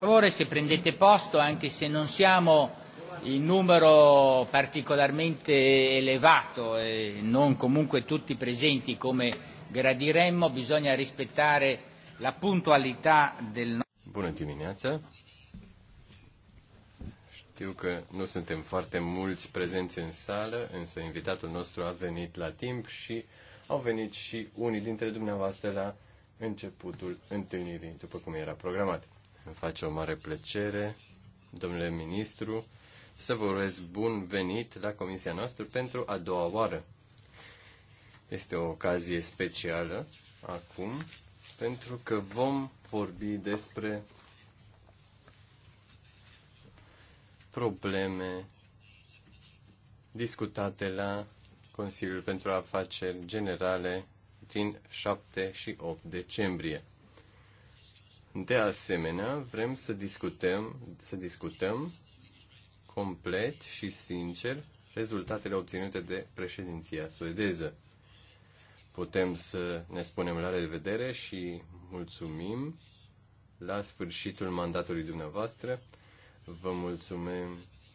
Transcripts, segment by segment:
favore se prendete posto anche se non siamo in numero particolarmente elevato e non comunque tutti presenti come gradiremmo, bisogna rispettare la puntualità del Bună dimineața. Știu că nu suntem foarte mulți prezenți în sală, însă invitatul nostru a venit la timp și au venit și unii dintre dumneavoastră la începutul întâlnirii, după cum era programat. Îmi face o mare plăcere, domnule ministru, să vă urez bun venit la comisia noastră pentru a doua oară. Este o ocazie specială acum, pentru că vom vorbi despre probleme discutate la Consiliul pentru Afaceri Generale din 7 și 8 decembrie. De asemenea, vrem să discutăm, să discutăm complet și sincer rezultatele obținute de președinția suedeză. Putem să ne spunem la revedere și mulțumim la sfârșitul mandatului dumneavoastră. Vă mulțumim,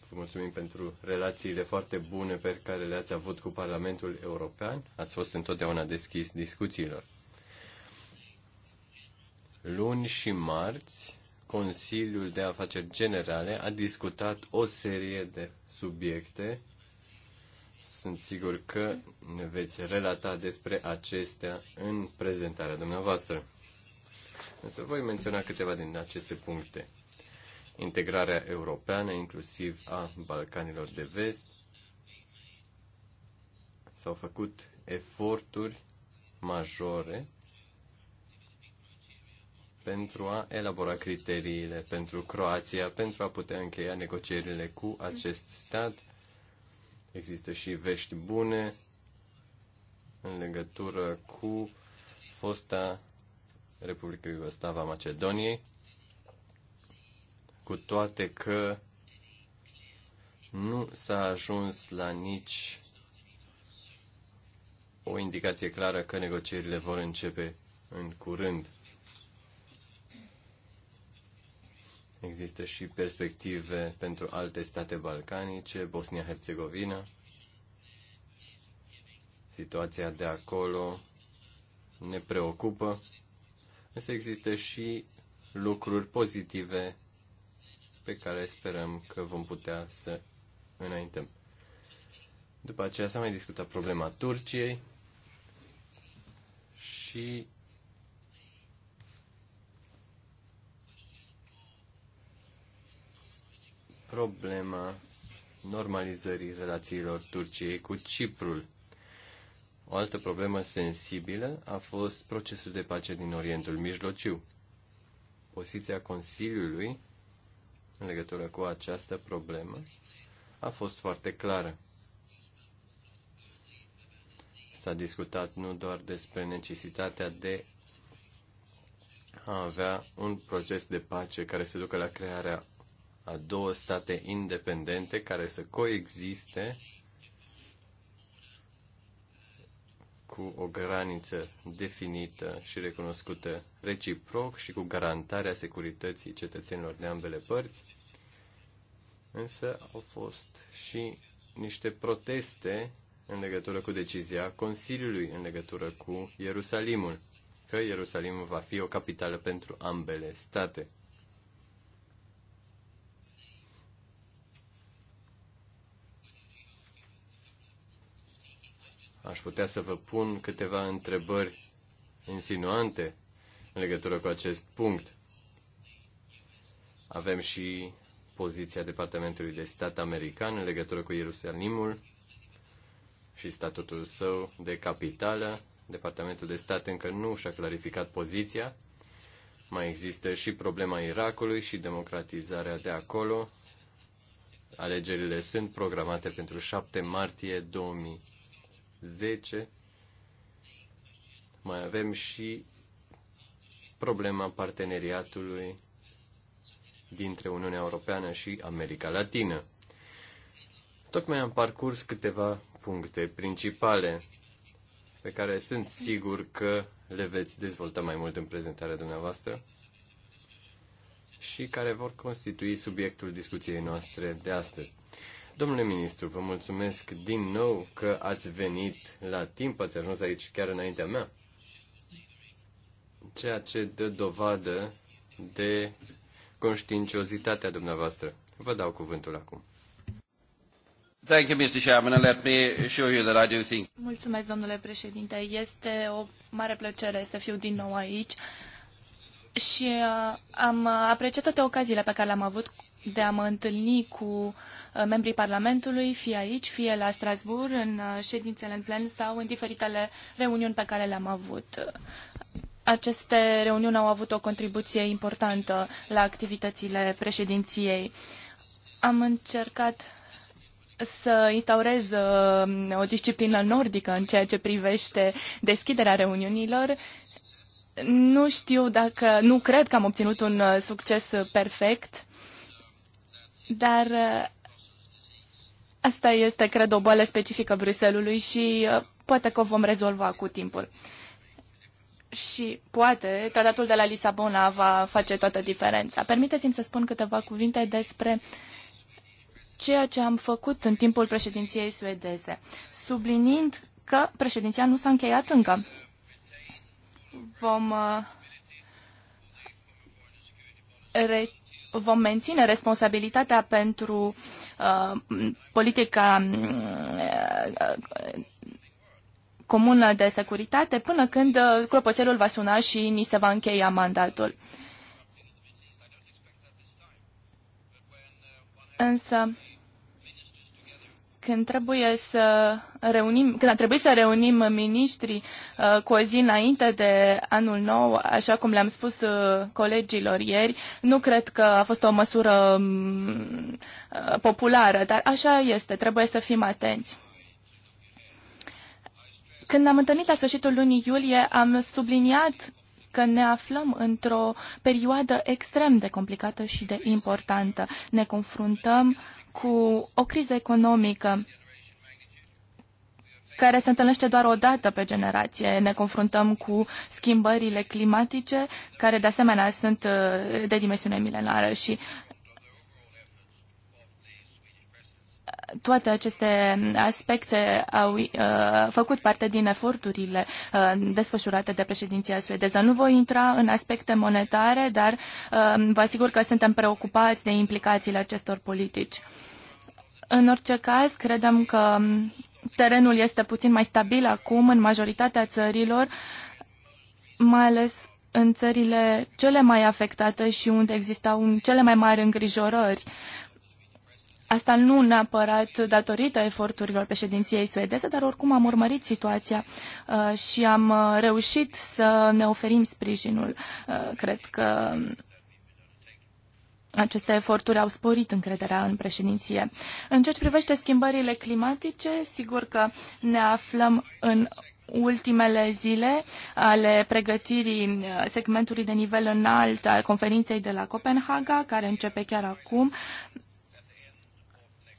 vă mulțumim pentru relațiile foarte bune pe care le-ați avut cu Parlamentul European. Ați fost întotdeauna deschis discuțiilor. Luni și marți, Consiliul de Afaceri Generale a discutat o serie de subiecte. Sunt sigur că ne veți relata despre acestea în prezentarea dumneavoastră. Însă voi menționa câteva din aceste puncte. Integrarea europeană, inclusiv a Balcanilor de Vest, s-au făcut eforturi majore pentru a elabora criteriile pentru Croația, pentru a putea încheia negocierile cu acest stat. Există și vești bune în legătură cu fosta Republica Iugoslava Macedoniei, cu toate că nu s-a ajuns la nici o indicație clară că negocierile vor începe în curând. Există și perspective pentru alte state balcanice, Bosnia-Herzegovina. Situația de acolo ne preocupă, însă există și lucruri pozitive pe care sperăm că vom putea să înaintăm. După aceea s-a mai discutat problema Turciei și problema normalizării relațiilor Turciei cu Ciprul. O altă problemă sensibilă a fost procesul de pace din Orientul Mijlociu. Poziția Consiliului în legătură cu această problemă a fost foarte clară. S-a discutat nu doar despre necesitatea de a avea un proces de pace care se ducă la crearea a două state independente care să coexiste cu o graniță definită și recunoscută reciproc și cu garantarea securității cetățenilor de ambele părți. Însă au fost și niște proteste în legătură cu decizia Consiliului în legătură cu Ierusalimul, că Ierusalimul va fi o capitală pentru ambele state. aș putea să vă pun câteva întrebări insinuante în legătură cu acest punct. Avem și poziția Departamentului de Stat American în legătură cu Ierusalimul și statutul său de capitală. Departamentul de Stat încă nu și-a clarificat poziția. Mai există și problema Irakului și democratizarea de acolo. Alegerile sunt programate pentru 7 martie 2000. 10, mai avem și problema parteneriatului dintre Uniunea Europeană și America Latină. Tocmai am parcurs câteva puncte principale pe care sunt sigur că le veți dezvolta mai mult în prezentarea dumneavoastră și care vor constitui subiectul discuției noastre de astăzi. Domnule ministru, vă mulțumesc din nou că ați venit la timp, ați ajuns aici chiar înaintea mea, ceea ce dă dovadă de conștiinciozitatea dumneavoastră. Vă dau cuvântul acum. Thank you, Mr. Chairman, and let me assure you that I do think... Mulțumesc, domnule președinte. Este o mare plăcere să fiu din nou aici și uh, am apreciat toate ocaziile pe care le-am avut de a mă întâlni cu uh, membrii Parlamentului, fie aici, fie la Strasbourg, în uh, ședințele în plen sau în diferitele reuniuni pe care le-am avut. Aceste reuniuni au avut o contribuție importantă la activitățile președinției. Am încercat să instaurez uh, o disciplină nordică în ceea ce privește deschiderea reuniunilor. Nu știu dacă, nu cred că am obținut un succes perfect dar uh, asta este, cred, o boală specifică Bruselului și uh, poate că o vom rezolva cu timpul. Și poate tratatul de la Lisabona va face toată diferența. Permiteți-mi să spun câteva cuvinte despre ceea ce am făcut în timpul președinției suedeze, sublinind că președinția nu s-a încheiat încă. Vom uh, re vom menține responsabilitatea pentru uh, politica mm, uh, comună de securitate până când uh, clopoțelul va suna și ni se va încheia mandatul. Însă, când trebuie să reunim, când a trebuit să reunim miniștrii uh, cu o zi înainte de anul nou, așa cum le-am spus uh, colegilor ieri, nu cred că a fost o măsură mm, uh, populară, dar așa este, trebuie să fim atenți. Când am întâlnit la sfârșitul lunii iulie, am subliniat că ne aflăm într-o perioadă extrem de complicată și de importantă. Ne confruntăm cu o criză economică care se întâlnește doar o dată pe generație. Ne confruntăm cu schimbările climatice, care de asemenea sunt uh, de dimensiune milenară și toate aceste aspecte au uh, făcut parte din eforturile uh, desfășurate de președinția suedeză. Nu voi intra în aspecte monetare, dar uh, vă asigur că suntem preocupați de implicațiile acestor politici. În orice caz, credem că terenul este puțin mai stabil acum în majoritatea țărilor, mai ales în țările cele mai afectate și unde existau cele mai mari îngrijorări Asta nu neapărat datorită eforturilor președinției suedeze, dar oricum am urmărit situația uh, și am uh, reușit să ne oferim sprijinul. Uh, cred că aceste eforturi au sporit încrederea în președinție. În ceea ce privește schimbările climatice, sigur că ne aflăm în ultimele zile ale pregătirii segmentului de nivel înalt al conferinței de la Copenhaga, care începe chiar acum.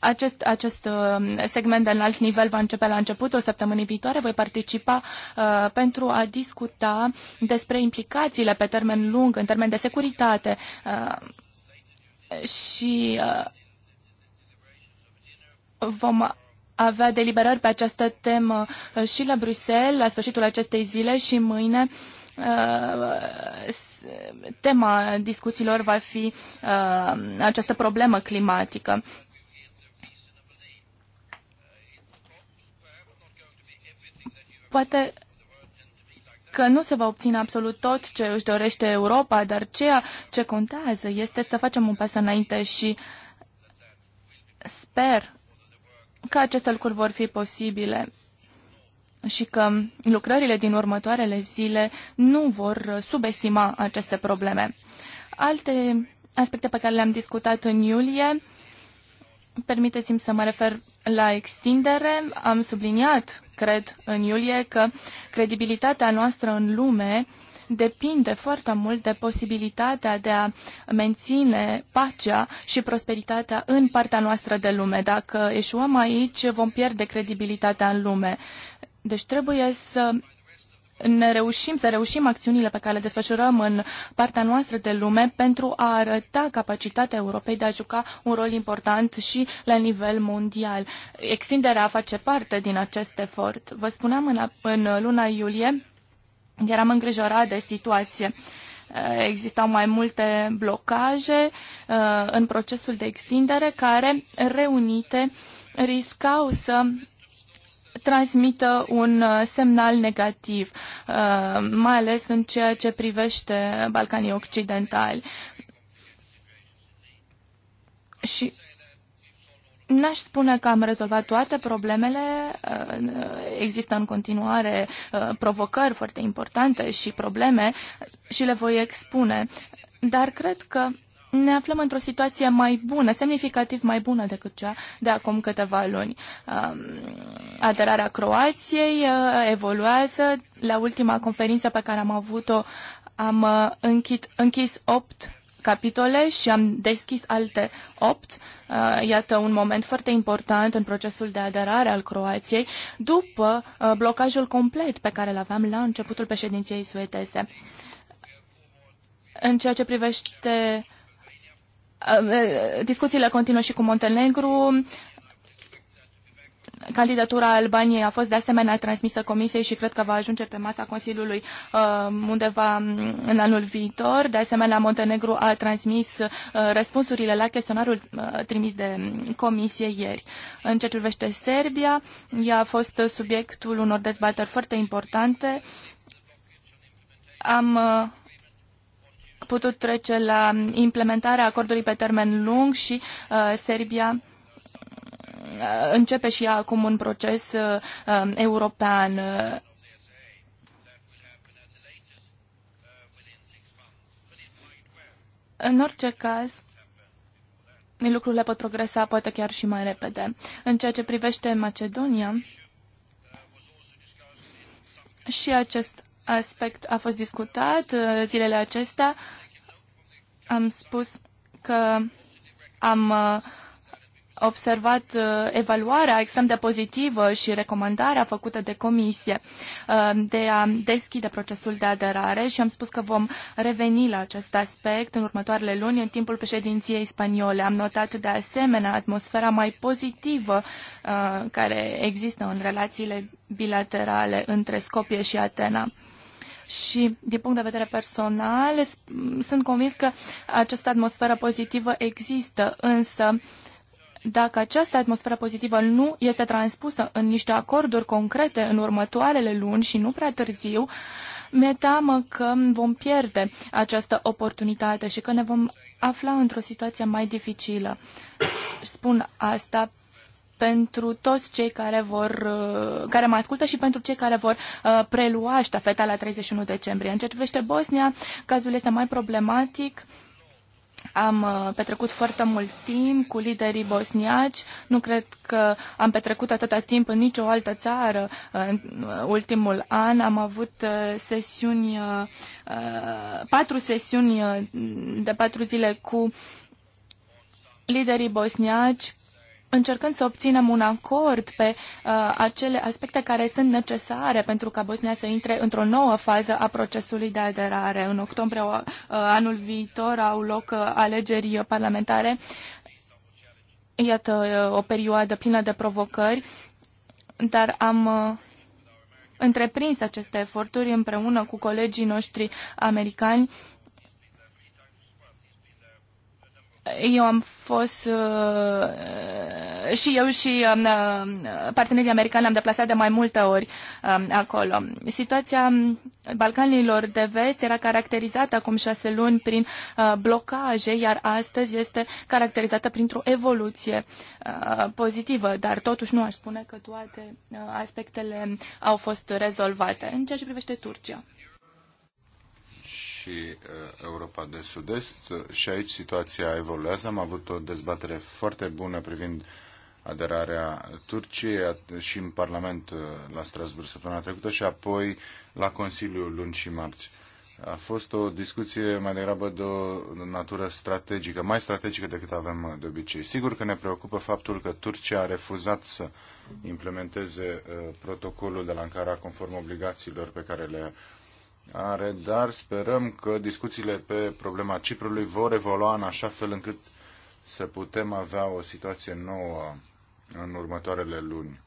Acest, acest uh, segment de înalt nivel va începe la începutul săptămânii viitoare. Voi participa uh, pentru a discuta despre implicațiile pe termen lung, în termen de securitate uh, și uh, vom avea deliberări pe această temă uh, și la Bruxelles la sfârșitul acestei zile și mâine uh, tema discuțiilor va fi această problemă climatică. Poate că nu se va obține absolut tot ce își dorește Europa, dar ceea ce contează este să facem un pas înainte și sper că aceste lucruri vor fi posibile și că lucrările din următoarele zile nu vor subestima aceste probleme. Alte aspecte pe care le-am discutat în iulie Permiteți-mi să mă refer la extindere. Am subliniat, cred, în iulie că credibilitatea noastră în lume depinde foarte mult de posibilitatea de a menține pacea și prosperitatea în partea noastră de lume. Dacă eșuăm aici, vom pierde credibilitatea în lume. Deci trebuie să ne reușim să reușim acțiunile pe care le desfășurăm în partea noastră de lume pentru a arăta capacitatea Europei de a juca un rol important și la nivel mondial. Extinderea face parte din acest efort. Vă spuneam în, în luna iulie, eram îngrijorat de situație. Existau mai multe blocaje uh, în procesul de extindere care, reunite, riscau să transmită un uh, semnal negativ, uh, mai ales în ceea ce privește Balcanii Occidentali. Și N-aș spune că am rezolvat toate problemele. Uh, există în continuare provocări foarte importante și probleme și le voi expune. Dar cred că ne aflăm într-o situație mai bună, semnificativ mai bună decât cea de acum câteva luni. Um, aderarea Croației uh, evoluează. La ultima conferință pe care am avut-o am uh, închit, închis opt capitole și am deschis alte opt. Uh, iată un moment foarte important în procesul de aderare al Croației după blocajul complet pe care îl aveam la începutul președinției suedeze. În ceea ce privește Discuțiile continuă și cu Montenegru. Candidatura Albaniei a fost de asemenea transmisă Comisiei și cred că va ajunge pe masa Consiliului uh, undeva în anul viitor. De asemenea, Montenegru a transmis uh, răspunsurile la chestionarul uh, trimis de Comisie ieri. În ce privește Serbia, ea a fost subiectul unor dezbateri foarte importante. Am uh, putut trece la implementarea acordului pe termen lung și uh, Serbia uh, începe și ea acum un proces uh, um, european. În orice caz, lucrurile pot progresa poate chiar și mai repede. În ceea ce privește Macedonia, și acest aspect a fost discutat uh, zilele acestea. Am spus că am uh, observat uh, evaluarea extrem de pozitivă și recomandarea făcută de comisie de a deschide procesul de aderare și am spus că vom reveni la acest aspect în următoarele luni în timpul președinției spaniole. Am notat de asemenea atmosfera mai pozitivă care există în relațiile bilaterale între Scopie și Atena și din punct de vedere personal sunt convins că această atmosferă pozitivă există, însă dacă această atmosferă pozitivă nu este transpusă în niște acorduri concrete în următoarele luni și nu prea târziu, mi-e teamă că vom pierde această oportunitate și că ne vom afla într-o situație mai dificilă. Spun asta pentru toți cei care, vor, uh, care mă ascultă și pentru cei care vor uh, prelua ștafeta la 31 decembrie. În ceea ce privește Bosnia, cazul este mai problematic. Am uh, petrecut foarte mult timp cu liderii bosniaci. Nu cred că am petrecut atâta timp în nicio altă țară în ultimul an. Am avut sesiuni, patru sesiuni de patru zile cu liderii bosniaci încercând să obținem un acord pe uh, acele aspecte care sunt necesare pentru ca Bosnia să intre într-o nouă fază a procesului de aderare. În octombrie uh, anul viitor au loc uh, alegeri parlamentare. Iată uh, o perioadă plină de provocări, dar am uh, întreprins aceste eforturi împreună cu colegii noștri americani uh, eu am fost uh, uh și eu și um, uh, partenerii americani am deplasat de mai multe ori uh, acolo. Situația um, Balcanilor de vest era caracterizată acum șase luni prin uh, blocaje, iar astăzi este caracterizată printr-o evoluție uh, pozitivă, dar totuși nu aș spune că toate uh, aspectele au fost rezolvate. În ceea ce privește Turcia și uh, Europa de Sud-Est și aici situația evoluează. Am avut o dezbatere foarte bună privind aderarea Turciei și în Parlament uh, la Strasburg săptămâna trecută și apoi la Consiliu luni și marți. A fost o discuție mai degrabă de o natură strategică, mai strategică decât avem uh, de obicei. Sigur că ne preocupă faptul că Turcia a refuzat să implementeze protocolul de la Ankara conform obligațiilor pe care le are, dar sperăm că discuțiile pe problema Ciprului vor evolua în așa fel încât să putem avea o situație nouă în următoarele luni.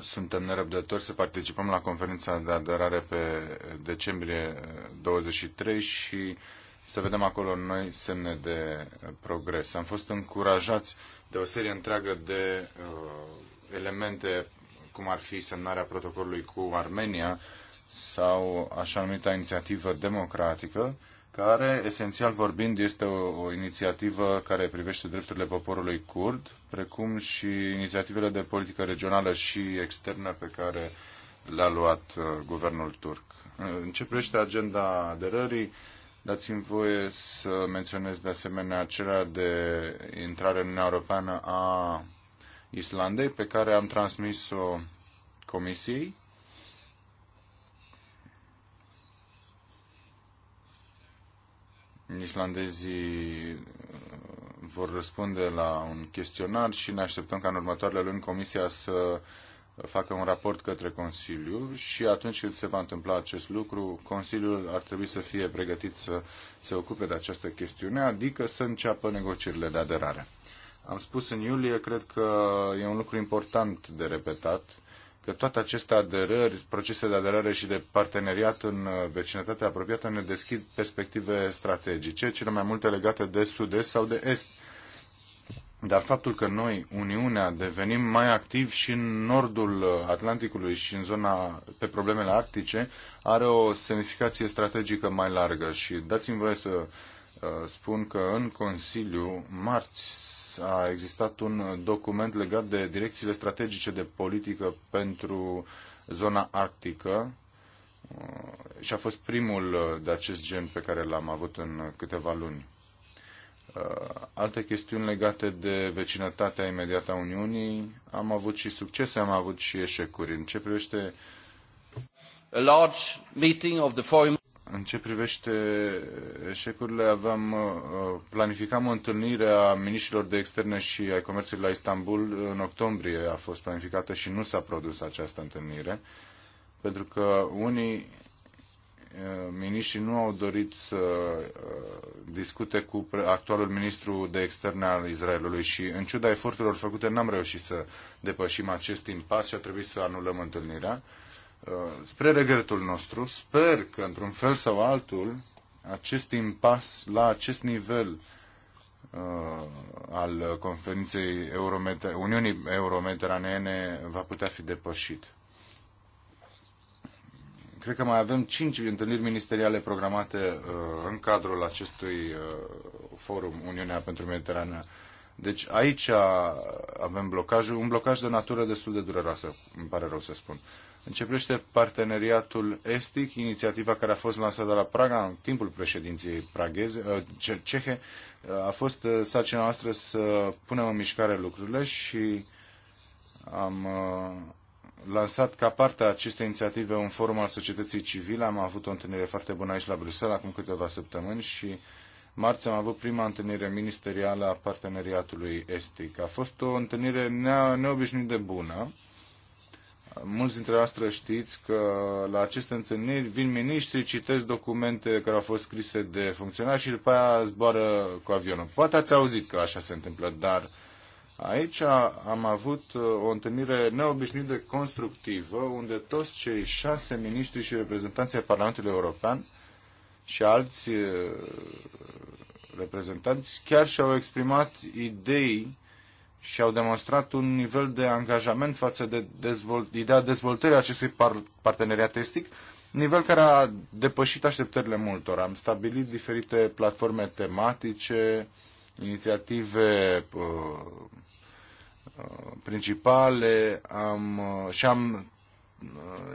Suntem nerăbdători să participăm la conferința de aderare pe decembrie 23 și să vedem acolo noi semne de progres. Am fost încurajați de o serie întreagă de uh, elemente, cum ar fi semnarea protocolului cu Armenia, sau așa numită inițiativă democratică, care, esențial vorbind, este o, o inițiativă care privește drepturile poporului kurd, precum și inițiativele de politică regională și externă pe care le-a luat uh, guvernul turc. În ce privește agenda aderării, dați-mi voie să menționez de asemenea acela de intrare în Uniunea Europeană a Islandei, pe care am transmis-o Comisiei islandezii uh, vor răspunde la un chestionar și ne așteptăm ca în următoarele luni Comisia să facă un raport către Consiliu și atunci când se va întâmpla acest lucru, Consiliul ar trebui să fie pregătit să se ocupe de această chestiune, adică să înceapă negocierile de aderare. Am spus în iulie, cred că e un lucru important de repetat că toate aceste aderări, procese de aderare și de parteneriat în uh, vecinătatea apropiată ne deschid perspective strategice, cele mai multe legate de sud-est sau de est. Dar faptul că noi, Uniunea, devenim mai activi și în nordul uh, Atlanticului și în zona pe problemele arctice, are o semnificație strategică mai largă. Și dați-mi voie să uh, spun că în Consiliu, marți, a existat un document legat de direcțiile strategice de politică pentru zona arctică uh, și a fost primul uh, de acest gen pe care l-am avut în câteva luni. Uh, alte chestiuni legate de vecinătatea imediată a Uniunii, am avut și succese, am avut și eșecuri. În ce privește a large meeting of the foreign în ce privește eșecurile, aveam, uh, planificam o întâlnire a miniștrilor de externe și ai comerțului la Istanbul în octombrie. A fost planificată și nu s-a produs această întâlnire, pentru că unii uh, miniștrii nu au dorit să uh, discute cu actualul ministru de externe al Israelului și în ciuda eforturilor făcute n-am reușit să depășim acest impas și a trebuit să anulăm întâlnirea. Uh, spre regretul nostru, sper că într-un fel sau altul acest impas la acest nivel uh, al conferinței Eurometer- Uniunii Euromediteraneene va putea fi depășit. Cred că mai avem cinci întâlniri ministeriale programate uh, în cadrul acestui uh, forum Uniunea pentru Mediterana. Deci aici avem blocajul, un blocaj de natură destul de dureroasă, îmi pare rău să spun. Uh, Începește parteneriatul estic, inițiativa care a fost lansată la Praga în timpul președinției pragheze, uh, ce, cehe. Uh, a fost uh, sarcina noastră să punem în mișcare lucrurile și am lansat ca parte a acestei inițiative un forum al societății civile. Am avut o întâlnire foarte bună aici la Bruxelles acum câteva săptămâni și marți am avut prima întâlnire ministerială a parteneriatului estic. A fost o întâlnire neobișnuit de bună mulți dintre noastre știți că la aceste întâlniri vin miniștri, citesc documente care au fost scrise de funcționari și după aia zboară cu avionul. Poate ați auzit că așa se întâmplă, dar aici am avut uh, o întâlnire neobișnuită de constructivă, unde toți cei șase miniștri și reprezentanții Parlamentului European și alți uh, reprezentanți chiar și-au exprimat idei și au demonstrat un nivel de angajament față de dezvolt, ideea dezvoltării acestui par, parteneriat estic, nivel care a depășit așteptările multor. Am stabilit diferite platforme tematice, inițiative uh, uh, principale am, uh, și am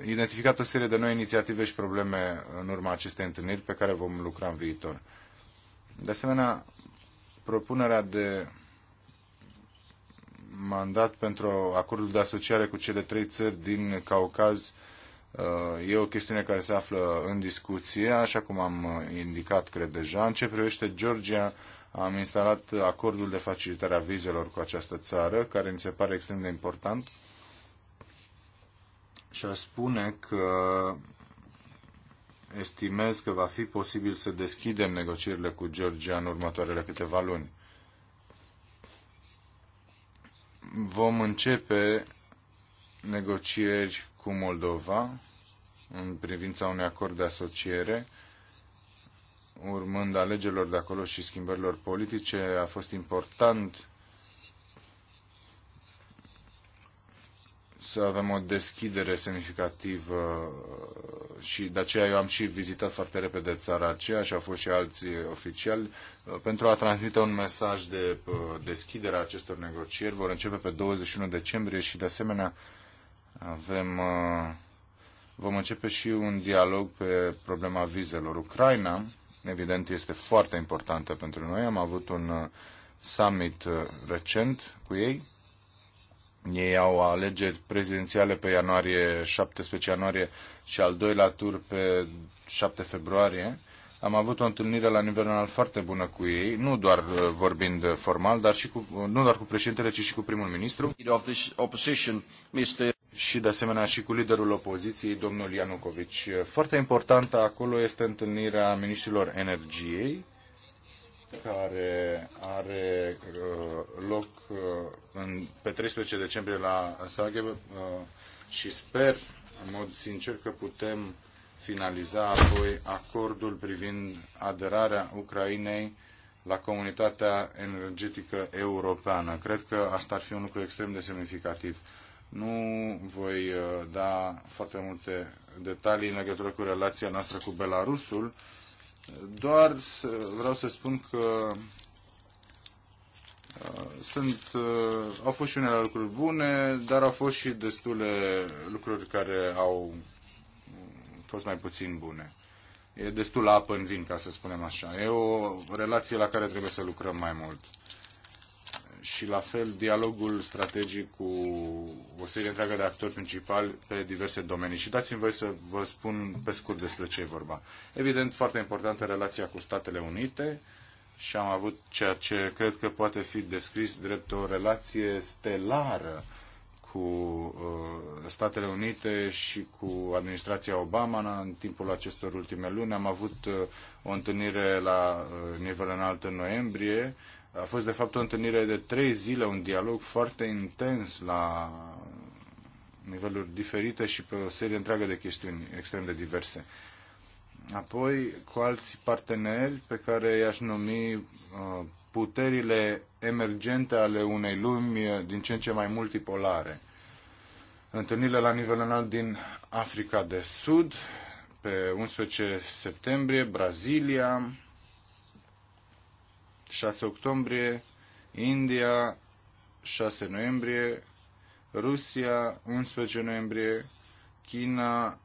identificat o serie de noi inițiative și probleme în urma acestei întâlniri pe care vom lucra în viitor. De asemenea, propunerea de mandat pentru acordul de asociare cu cele trei țări din Caucaz uh, e o chestiune care se află în discuție, așa cum am indicat, cred deja. În ce privește Georgia, am instalat acordul de facilitare a vizelor cu această țară, care mi se pare extrem de important. Și a spune că estimez că va fi posibil să deschidem negocierile cu Georgia în următoarele câteva luni. vom începe negocieri cu Moldova în privința unui acord de asociere. Urmând alegerilor de acolo și schimbărilor politice, a fost important să avem o deschidere semnificativă uh, și de aceea eu am și vizitat foarte repede țara aceea și au fost și alți oficiali uh, pentru a transmite un mesaj de uh, deschidere a acestor negocieri. Vor începe pe 21 decembrie și de asemenea avem, vom începe și un dialog pe problema vizelor. Ucraina, evident, este foarte importantă pentru noi. Am avut un summit recent cu ei ei au alegeri prezidențiale pe ianuarie, 17 ianuarie și al doilea tur pe 7 februarie. Am avut o întâlnire la nivel înalt foarte bună cu ei, nu doar uh, vorbind formal, dar și cu, nu doar cu președintele, ci și cu primul ministru. Și de asemenea și cu liderul opoziției, domnul Ianucovici. Foarte importantă acolo este întâlnirea ministrilor energiei, care are uh, loc uh, pe 13 decembrie la Zagreb uh, și sper în mod sincer că putem finaliza apoi acordul privind aderarea Ucrainei la comunitatea energetică europeană. Cred că asta ar fi un lucru extrem de semnificativ. Nu voi da foarte multe detalii în legătură cu relația noastră cu Belarusul, doar să, vreau să spun că uh, sunt, uh, au fost și unele lucruri bune, dar au fost și destule lucruri care au fost mai puțin bune. E destul apă în vin, ca să spunem așa. E o relație la care trebuie să lucrăm mai mult și la fel dialogul strategic cu o serie întreagă de actori principali pe diverse domenii. Și dați-mi voi să vă spun pe scurt despre ce e vorba. Evident, foarte importantă relația cu Statele Unite și am avut ceea ce cred că poate fi descris drept o relație stelară cu uh, Statele Unite și cu administrația Obama în timpul acestor ultime luni. Am avut uh, o întâlnire la uh, nivel înalt în noiembrie a fost, de fapt, o întâlnire de trei zile, un dialog foarte intens la niveluri diferite și pe o serie întreagă de chestiuni extrem de diverse. Apoi, cu alți parteneri pe care i-aș numi uh, puterile emergente ale unei lumi uh, din ce în ce mai multipolare. Întâlnirile la nivel înalt din Africa de Sud, pe 11 septembrie, Brazilia, 6 octombrie, India 6 noiembrie, Rusia 11 noiembrie, China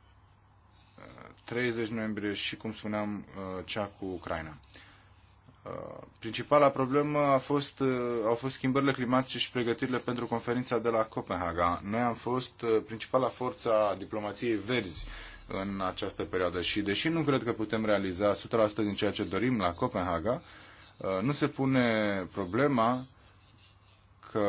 30 noiembrie și, cum spuneam, uh, cea cu Ucraina. Uh, principala problemă a fost, uh, au fost schimbările climatice și pregătirile pentru conferința de la Copenhaga. Noi am fost principala forță a diplomației verzi în această perioadă și, deși nu cred că putem realiza 100% din ceea ce dorim la Copenhaga, Uh, nu se pune problema că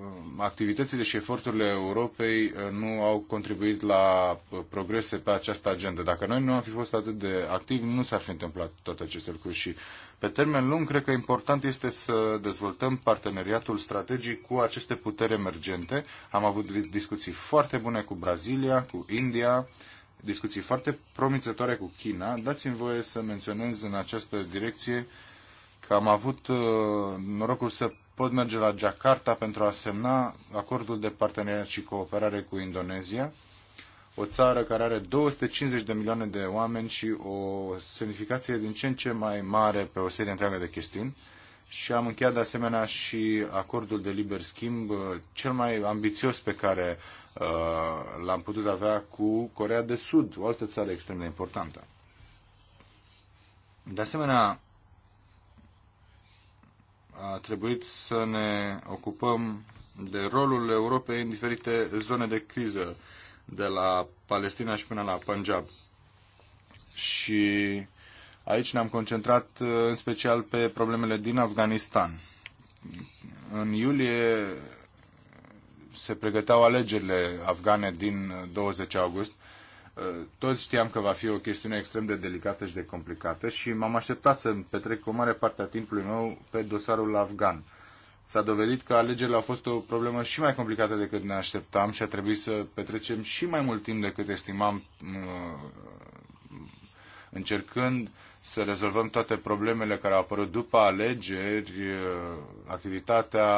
um, activitățile și eforturile Europei uh, nu au contribuit la uh, progrese pe această agendă. Dacă noi nu am fi fost atât de activi, nu s-ar fi întâmplat toate aceste lucruri și pe termen lung, cred că important este să dezvoltăm parteneriatul strategic cu aceste puteri emergente. Am avut discuții foarte bune cu Brazilia, cu India, discuții foarte promițătoare cu China. Dați-mi voie să menționez în această direcție uh, că am avut uh, norocul să pot merge la Jakarta pentru a semna acordul de parteneriat și cooperare cu Indonezia, o țară care are 250 de milioane de oameni și o semnificație din ce în ce mai mare pe o serie întreagă de chestiuni. Și am încheiat de asemenea și acordul de liber schimb, uh, cel mai ambițios pe care uh, l-am putut avea cu Corea de Sud, o altă țară extrem de importantă. De asemenea, a trebuit să ne ocupăm de rolul Europei în diferite zone de criză, de la Palestina și până la Punjab. Și aici ne-am concentrat uh, în special pe problemele din Afganistan. În iulie se pregăteau alegerile afgane din 20 uh, august toți știam că va fi o chestiune extrem de delicată și de complicată și m-am așteptat să petrec o mare parte a timpului meu pe dosarul afgan. S-a dovedit că alegerile au fost o problemă și mai complicată decât ne așteptam și a trebuit să petrecem și mai mult timp decât estimam uh, încercând să rezolvăm toate problemele care au apărut după alegeri, uh, activitatea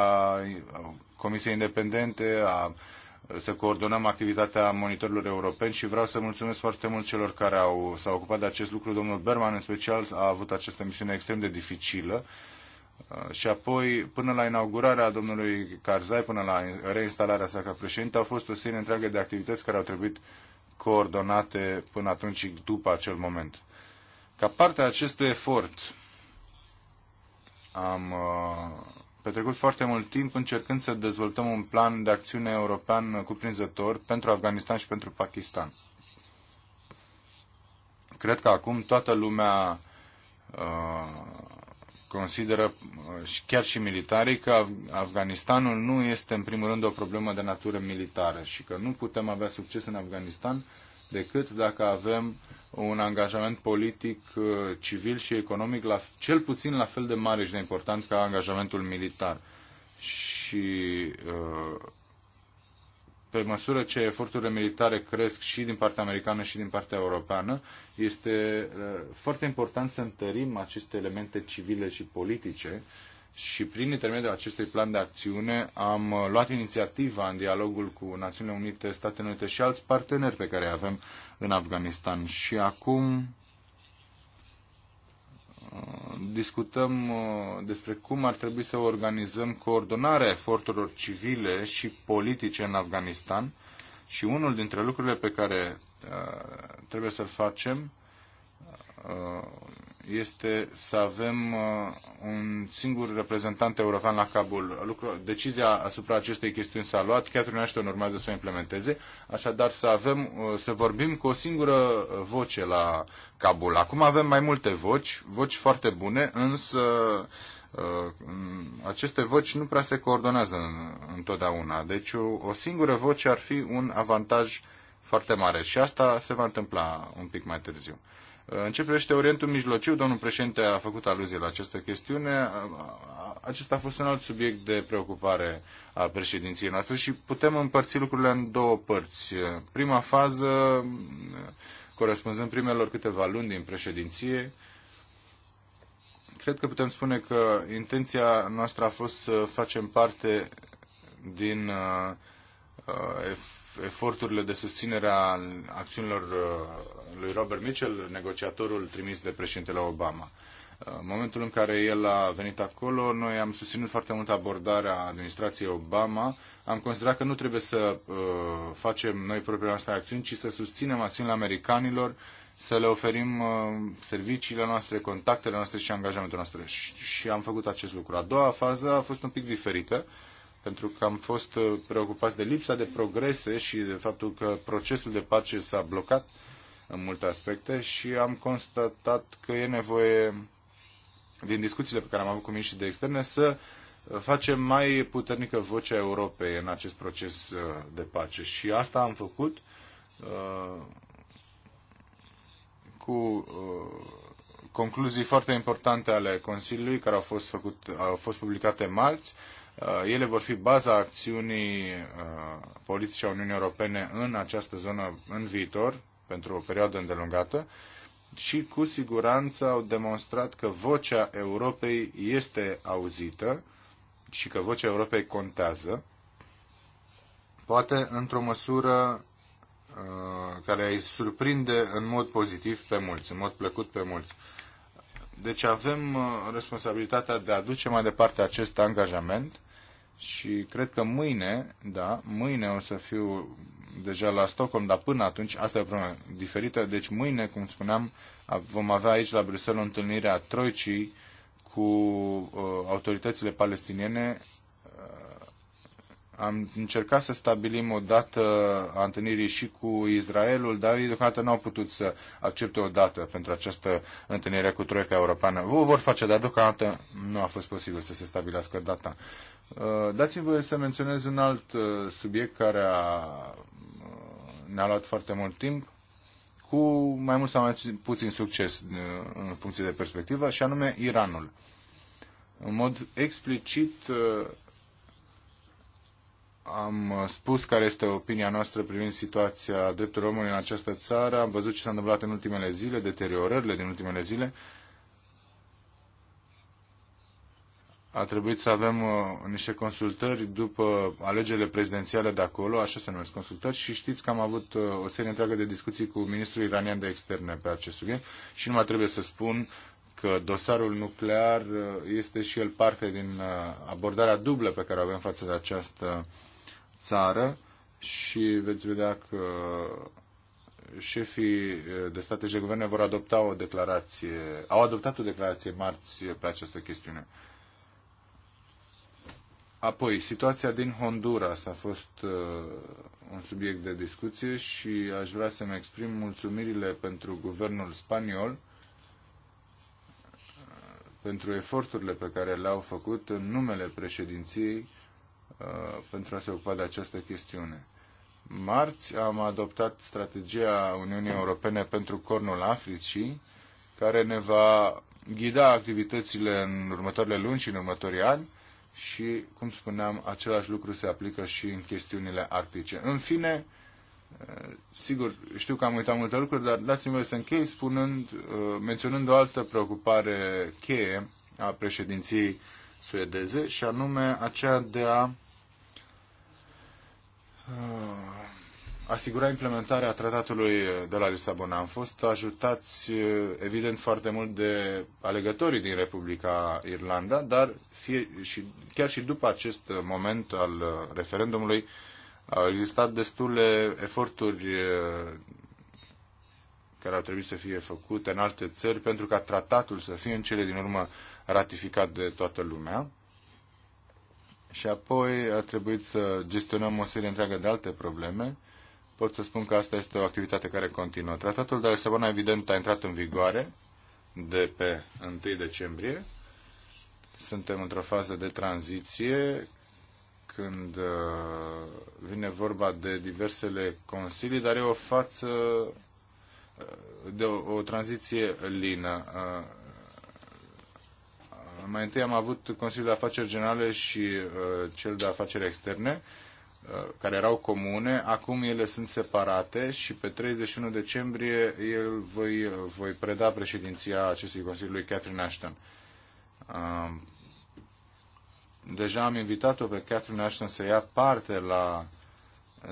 uh, Comisiei Independente, a să coordonăm activitatea monitorilor europeni și vreau să mulțumesc foarte mult celor care au, s-au ocupat de acest lucru. Domnul Berman, în special, a avut această misiune extrem de dificilă. Uh, și apoi, până la inaugurarea domnului Karzai, până la reinstalarea sa ca președinte, au fost o serie întreagă de activități care au trebuit coordonate până atunci și după acel moment. Ca parte a acestui efort, am uh, petrecut foarte mult timp încercând să dezvoltăm un plan de acțiune european cuprinzător pentru Afganistan și pentru Pakistan. Cred că acum toată lumea uh, consideră, uh, chiar și militarii, că Afganistanul nu este în primul rând o problemă de natură militară și că nu putem avea succes în Afganistan decât dacă avem uh, un angajament politic, uh, civil și economic la, cel puțin la fel de mare și de important ca angajamentul militar. Și uh, pe măsură ce eforturile militare cresc și din partea americană și din partea europeană, este uh, foarte important să întărim aceste elemente civile și politice și prin intermediul acestui plan de acțiune am uh, luat inițiativa în dialogul cu Națiunile Unite, Statele Unite și alți parteneri pe care îi avem în Afganistan. Și acum uh, discutăm uh, despre cum ar trebui să organizăm coordonarea eforturilor civile și politice în Afganistan și unul dintre lucrurile pe care trebuie să-l facem este să avem uh, un singur reprezentant european la Kabul. decizia asupra acestei chestiuni s-a luat, Catherine Ashton urmează să o implementeze, așadar să, avem, uh, să vorbim cu o singură uh, voce la Kabul. Acum avem mai multe voci, voci foarte bune, însă mm, aceste voci nu prea se coordonează întotdeauna. Deci o singură voce ar fi un avantaj foarte mare și asta se va întâmpla un pic mai târziu. În ce privește Orientul Mijlociu, domnul președinte a făcut aluzie la această chestiune. Acesta a fost un alt subiect de preocupare a președinției noastre și putem împărți lucrurile în două părți. Prima fază, corespunzând primelor câteva luni din președinție, cred că putem spune că intenția noastră a fost să facem parte din uh, uh, eforturile de susținere a acțiunilor uh, lui Robert Mitchell, negociatorul trimis de președintele Obama. Uh, în momentul în care el a venit acolo, noi am susținut foarte mult abordarea administrației Obama. Am considerat că nu trebuie să uh, facem noi propriile noastre acțiuni, ci să susținem acțiunile americanilor, să le oferim uh, serviciile noastre, contactele noastre și angajamentul nostru. Și, și am făcut acest lucru. A doua fază a fost un pic diferită. Uh, pentru că am fost uh, preocupați de lipsa de progrese și de faptul că procesul de pace s-a blocat în multe aspecte și am constatat că e nevoie, din discuțiile pe care am avut cu miniștrii de externe, să uh, facem mai puternică vocea Europei în acest proces uh, de pace. Și asta am făcut cu concluzii foarte importante ale Consiliului, care au fost, făcut, au fost publicate marți, Uh, ele vor fi baza acțiunii uh, politice a Uniunii Europene în această zonă în viitor, pentru o perioadă îndelungată și cu siguranță au demonstrat că vocea Europei este auzită și că vocea Europei contează, poate într-o măsură uh, care îi surprinde în mod pozitiv pe mulți, în mod plăcut pe mulți. Deci avem uh, responsabilitatea de a duce mai departe acest angajament și cred că mâine, da, mâine o să fiu deja la Stockholm, dar până atunci, asta e o problemă diferită, deci mâine, cum spuneam, vom avea aici la Bruxelles o întâlnire a Troicii cu uh, autoritățile palestiniene am încercat să stabilim o dată a întâlnirii și cu Israelul, dar ei deocamdată nu au putut să accepte o dată pentru această întâlnire cu Troica Europeană. O vor face, dar deocamdată nu a fost posibil să se stabilească data. Uh, dați-mi voie să menționez un alt uh, subiect care a, uh, ne-a luat foarte mult timp, cu mai mult sau mai puțin succes în funcție de perspectivă, și anume Iranul. În mod explicit, am uh, spus care este opinia noastră privind situația drepturilor omului în această țară, am văzut ce s-a întâmplat în ultimele zile, deteriorările din ultimele zile. A trebuit să avem uh, niște consultări după alegerile prezidențiale de acolo, așa se numesc consultări, și știți că am avut uh, o serie întreagă de discuții cu ministrul iranian de externe pe acest subiect și nu mai trebuie să spun că dosarul nuclear uh, este și el parte din uh, abordarea dublă pe care o avem față de această uh, țară și veți vedea că șefii eh, de state și de guverne vor adopta o declarație, au adoptat o declarație marți pe această chestiune. Apoi, situația din Honduras a fost uh, un subiect de discuție și aș vrea să-mi exprim mulțumirile pentru guvernul spaniol eh, pentru eforturile pe care le-au făcut în numele președinției Uh, pentru a se ocupa de această chestiune. Marți am adoptat strategia Uniunii Europene pentru Cornul Africii, care ne va ghida activitățile în următoarele luni și în următorii ani și, cum spuneam, același lucru se aplică și în chestiunile arctice. În fine, uh, sigur, știu că am uitat multe lucruri, dar dați-mi voie să închei spunând, uh, menționând o altă preocupare cheie a președinției suedeze și anume aceea de a Ah. asigura implementarea tratatului de la Lisabona. Am fost ajutați, evident, foarte mult de alegătorii din Republica Irlanda, dar fie, și, chiar și după acest moment al referendumului au existat destule eforturi eh, care au trebuit să fie făcute în alte țări pentru ca tratatul să fie în cele din urmă ratificat de toată lumea și apoi a trebuit să gestionăm o serie întreagă de alte probleme. Pot să spun că asta este o activitate care continuă. Tratatul de la Lisabona, evident, a intrat în vigoare de pe 1 decembrie. Suntem într-o fază de tranziție când uh, vine vorba de diversele consilii, dar e o față uh, de o, o tranziție lină. Uh, mai întâi am avut Consiliul de Afaceri Generale și uh, cel de Afaceri Externe, uh, care erau comune. Acum ele sunt separate și pe 31 decembrie el voi, voi preda președinția acestui Consiliu lui Catherine Ashton. Uh, deja am invitat-o pe Catherine Ashton să ia parte la uh,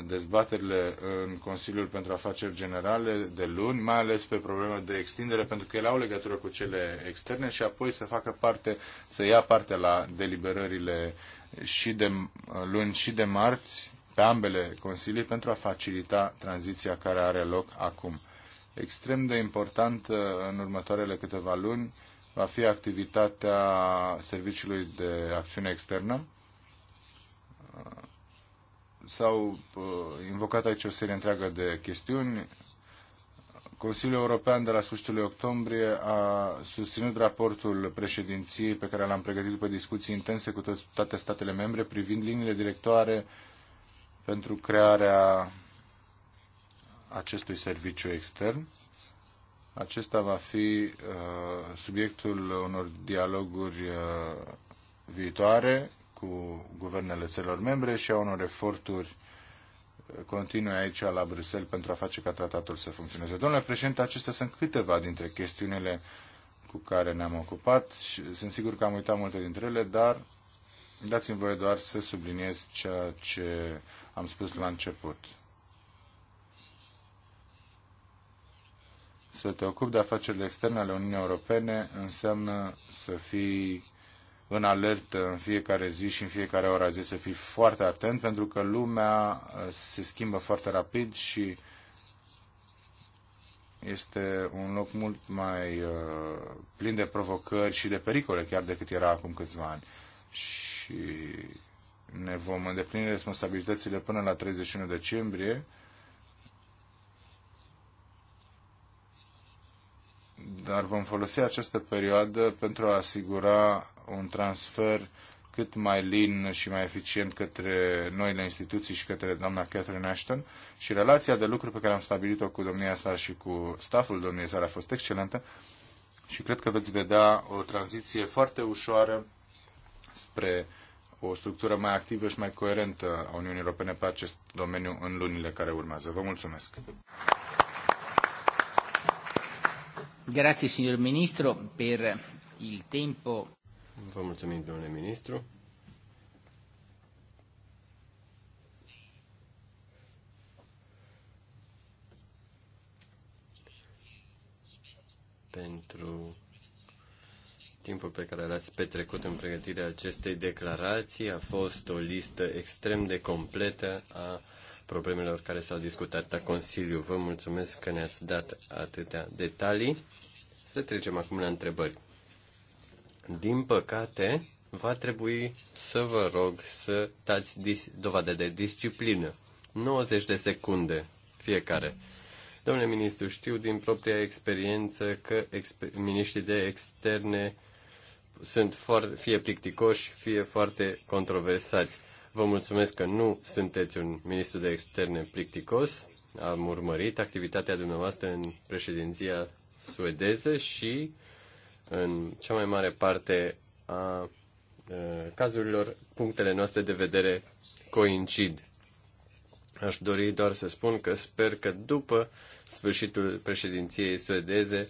dezbaterile în Consiliul pentru Afaceri Generale de luni, mai ales pe problema de extindere, pentru că ele au legătură cu cele externe și apoi să facă parte, să ia parte la deliberările și de luni și de marți pe ambele consilii pentru a facilita tranziția care are loc acum. Extrem de important uh, în următoarele câteva luni va fi activitatea Serviciului de Acțiune Externă, uh, S-au uh, invocat aici o serie întreagă de chestiuni. Consiliul European de la sfârșitul octombrie a susținut raportul președinției pe care l-am pregătit după discuții intense cu toate statele membre privind liniile directoare pentru crearea acestui serviciu extern. Acesta va fi uh, subiectul unor dialoguri uh, viitoare cu guvernele țărilor membre și a unor eforturi continue aici la Bruxelles pentru a face ca tratatul să funcționeze. Domnule președinte, acestea sunt câteva dintre chestiunile cu care ne-am ocupat și sunt sigur că am uitat multe dintre ele, dar dați-mi voie doar să subliniez ceea ce am spus la început. Să te ocupi de afacerile externe ale Uniunii Europene înseamnă să fii în alertă în fiecare zi și în fiecare ora zi, să fii foarte atent, pentru că lumea uh, se schimbă foarte rapid și este un loc mult mai uh, plin de provocări și de pericole chiar decât era acum câțiva ani. Și ne vom îndeplini responsabilitățile până la 31 decembrie. Dar vom folosi această perioadă pentru a asigura un transfer cât mai lin și mai eficient către noile instituții și către doamna Catherine Ashton și relația de lucru pe care am stabilit-o cu domnia sa și cu stafful domniei sale a fost excelentă și cred că veți vedea o tranziție foarte ușoară spre o structură mai activă și mai coerentă a Uniunii Europene pe acest domeniu în lunile care urmează. Vă mulțumesc! Grazie signor Ministro per il tempo. Vă mulțumim, domnule ministru. pentru timpul pe care l-ați petrecut în pregătirea acestei declarații. A fost o listă extrem de completă a problemelor care s-au discutat la Consiliu. Vă mulțumesc că ne-ați dat atâtea detalii. Să trecem acum la întrebări. Din păcate, va trebui să vă rog să dați dis- dovadă de disciplină. 90 de secunde fiecare. Domnule ministru, știu din propria experiență că exper- miniștrii de externe sunt foarte, fie plicticoși, fie foarte controversați. Vă mulțumesc că nu sunteți un ministru de externe plicticos. Am urmărit activitatea dumneavoastră în președinția suedeză și în cea mai mare parte a cazurilor, punctele noastre de vedere coincid. Aș dori doar să spun că sper că după sfârșitul președinției suedeze,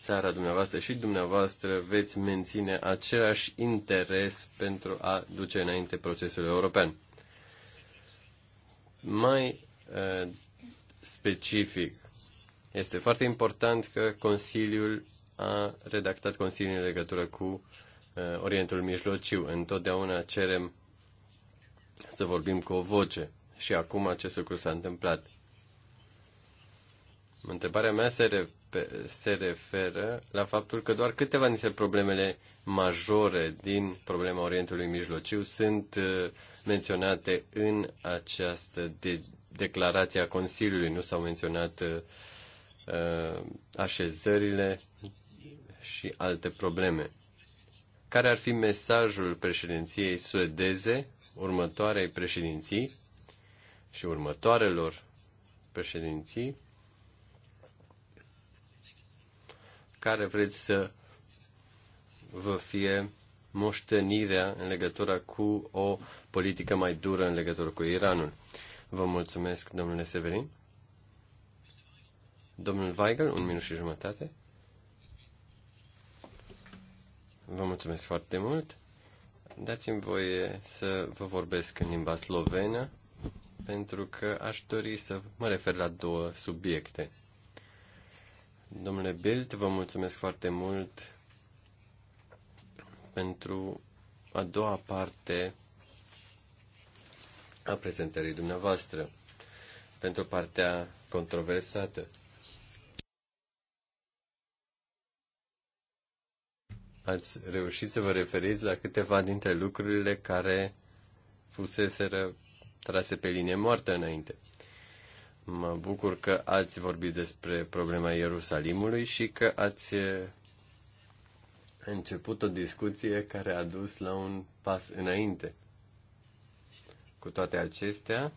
țara dumneavoastră și dumneavoastră veți menține același interes pentru a duce înainte procesul european. Mai specific, este foarte important că Consiliul a redactat Consiliul în legătură cu uh, Orientul Mijlociu. Întotdeauna cerem să vorbim cu o voce și acum acest lucru s-a întâmplat. Întrebarea mea se, re- se referă la faptul că doar câteva dintre problemele majore din problema Orientului Mijlociu sunt uh, menționate în această de- declarație a Consiliului. Nu s-au menționat uh, Uh, așezările și alte probleme. Care ar fi mesajul președinției suedeze, următoarei președinții și următoarelor președinții? Care vreți să vă fie moștenirea în legătură cu o politică mai dură în legătură cu Iranul? Vă mulțumesc, domnule Severin. Domnul Weigel, un minut și jumătate. Vă mulțumesc foarte mult. Dați-mi voie să vă vorbesc în limba slovenă, pentru că aș dori să mă refer la două subiecte. Domnule Bild, vă mulțumesc foarte mult pentru a doua parte a prezentării dumneavoastră, pentru partea controversată. ați reușit să vă referiți la câteva dintre lucrurile care fuseseră trase pe linie moartă înainte. Mă bucur că ați vorbit despre problema Ierusalimului și că ați eh, început o discuție care a dus la un pas înainte. Cu toate acestea,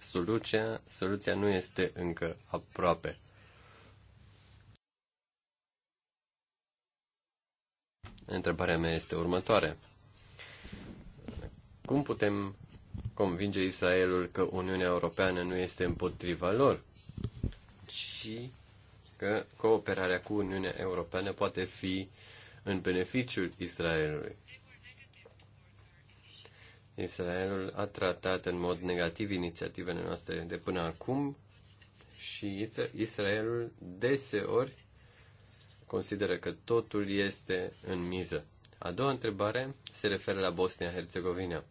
soluția, soluția nu este încă aproape. Întrebarea mea este următoare: Cum putem convinge Israelul că Uniunea Europeană nu este împotriva lor, ci că cooperarea cu Uniunea Europeană poate fi în beneficiul Israelului? Israelul a tratat în mod negativ inițiativele noastre de până acum și Israelul deseori consideră că totul este în miză. A doua întrebare se referă la Bosnia-Herzegovina.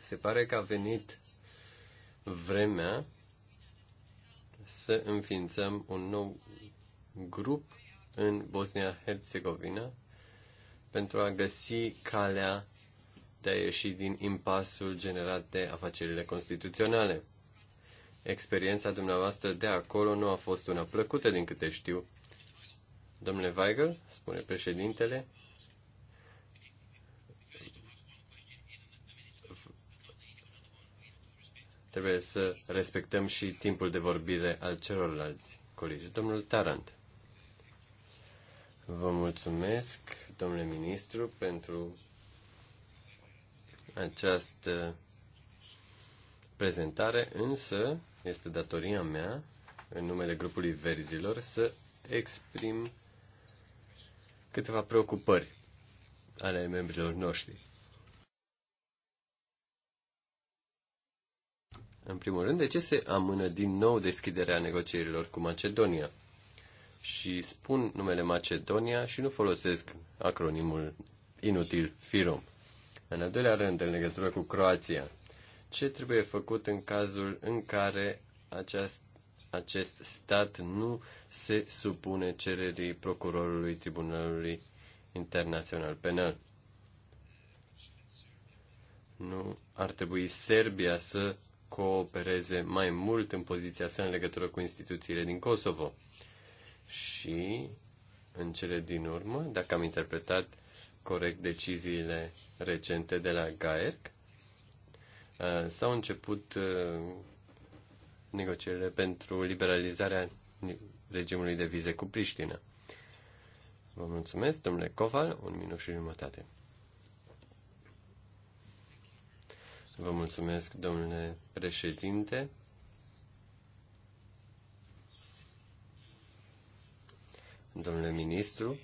Se pare că a venit vremea să înființăm un nou grup în Bosnia-Herzegovina pentru a găsi calea de a ieși din impasul generat de afacerile constituționale. Experiența dumneavoastră de acolo nu a fost una plăcută, din câte știu. Domnule Weigel, spune președintele, trebuie să respectăm și timpul de vorbire al celorlalți colegi. Domnul Tarant. Vă mulțumesc, domnule ministru, pentru această prezentare, însă este datoria mea, în numele grupului verzilor, să exprim câteva preocupări ale membrilor noștri. În primul rând, de ce se amână din nou deschiderea negocierilor cu Macedonia? Și spun numele Macedonia și nu folosesc acronimul inutil FIROM. În al doilea rând, în legătură cu Croația, ce trebuie făcut în cazul în care aceast, acest stat nu se supune cererii procurorului Tribunalului Internațional Penal. Nu ar trebui Serbia să coopereze mai mult în poziția sa în legătură cu instituțiile din Kosovo. Și, în cele din urmă, dacă am interpretat corect deciziile recente de la GAERC, Uh, s-au început uh, negocierile pentru liberalizarea regimului de vize cu Priștina. Vă mulțumesc, domnule Coval, un minut și jumătate. Vă mulțumesc, domnule președinte. Domnule ministru,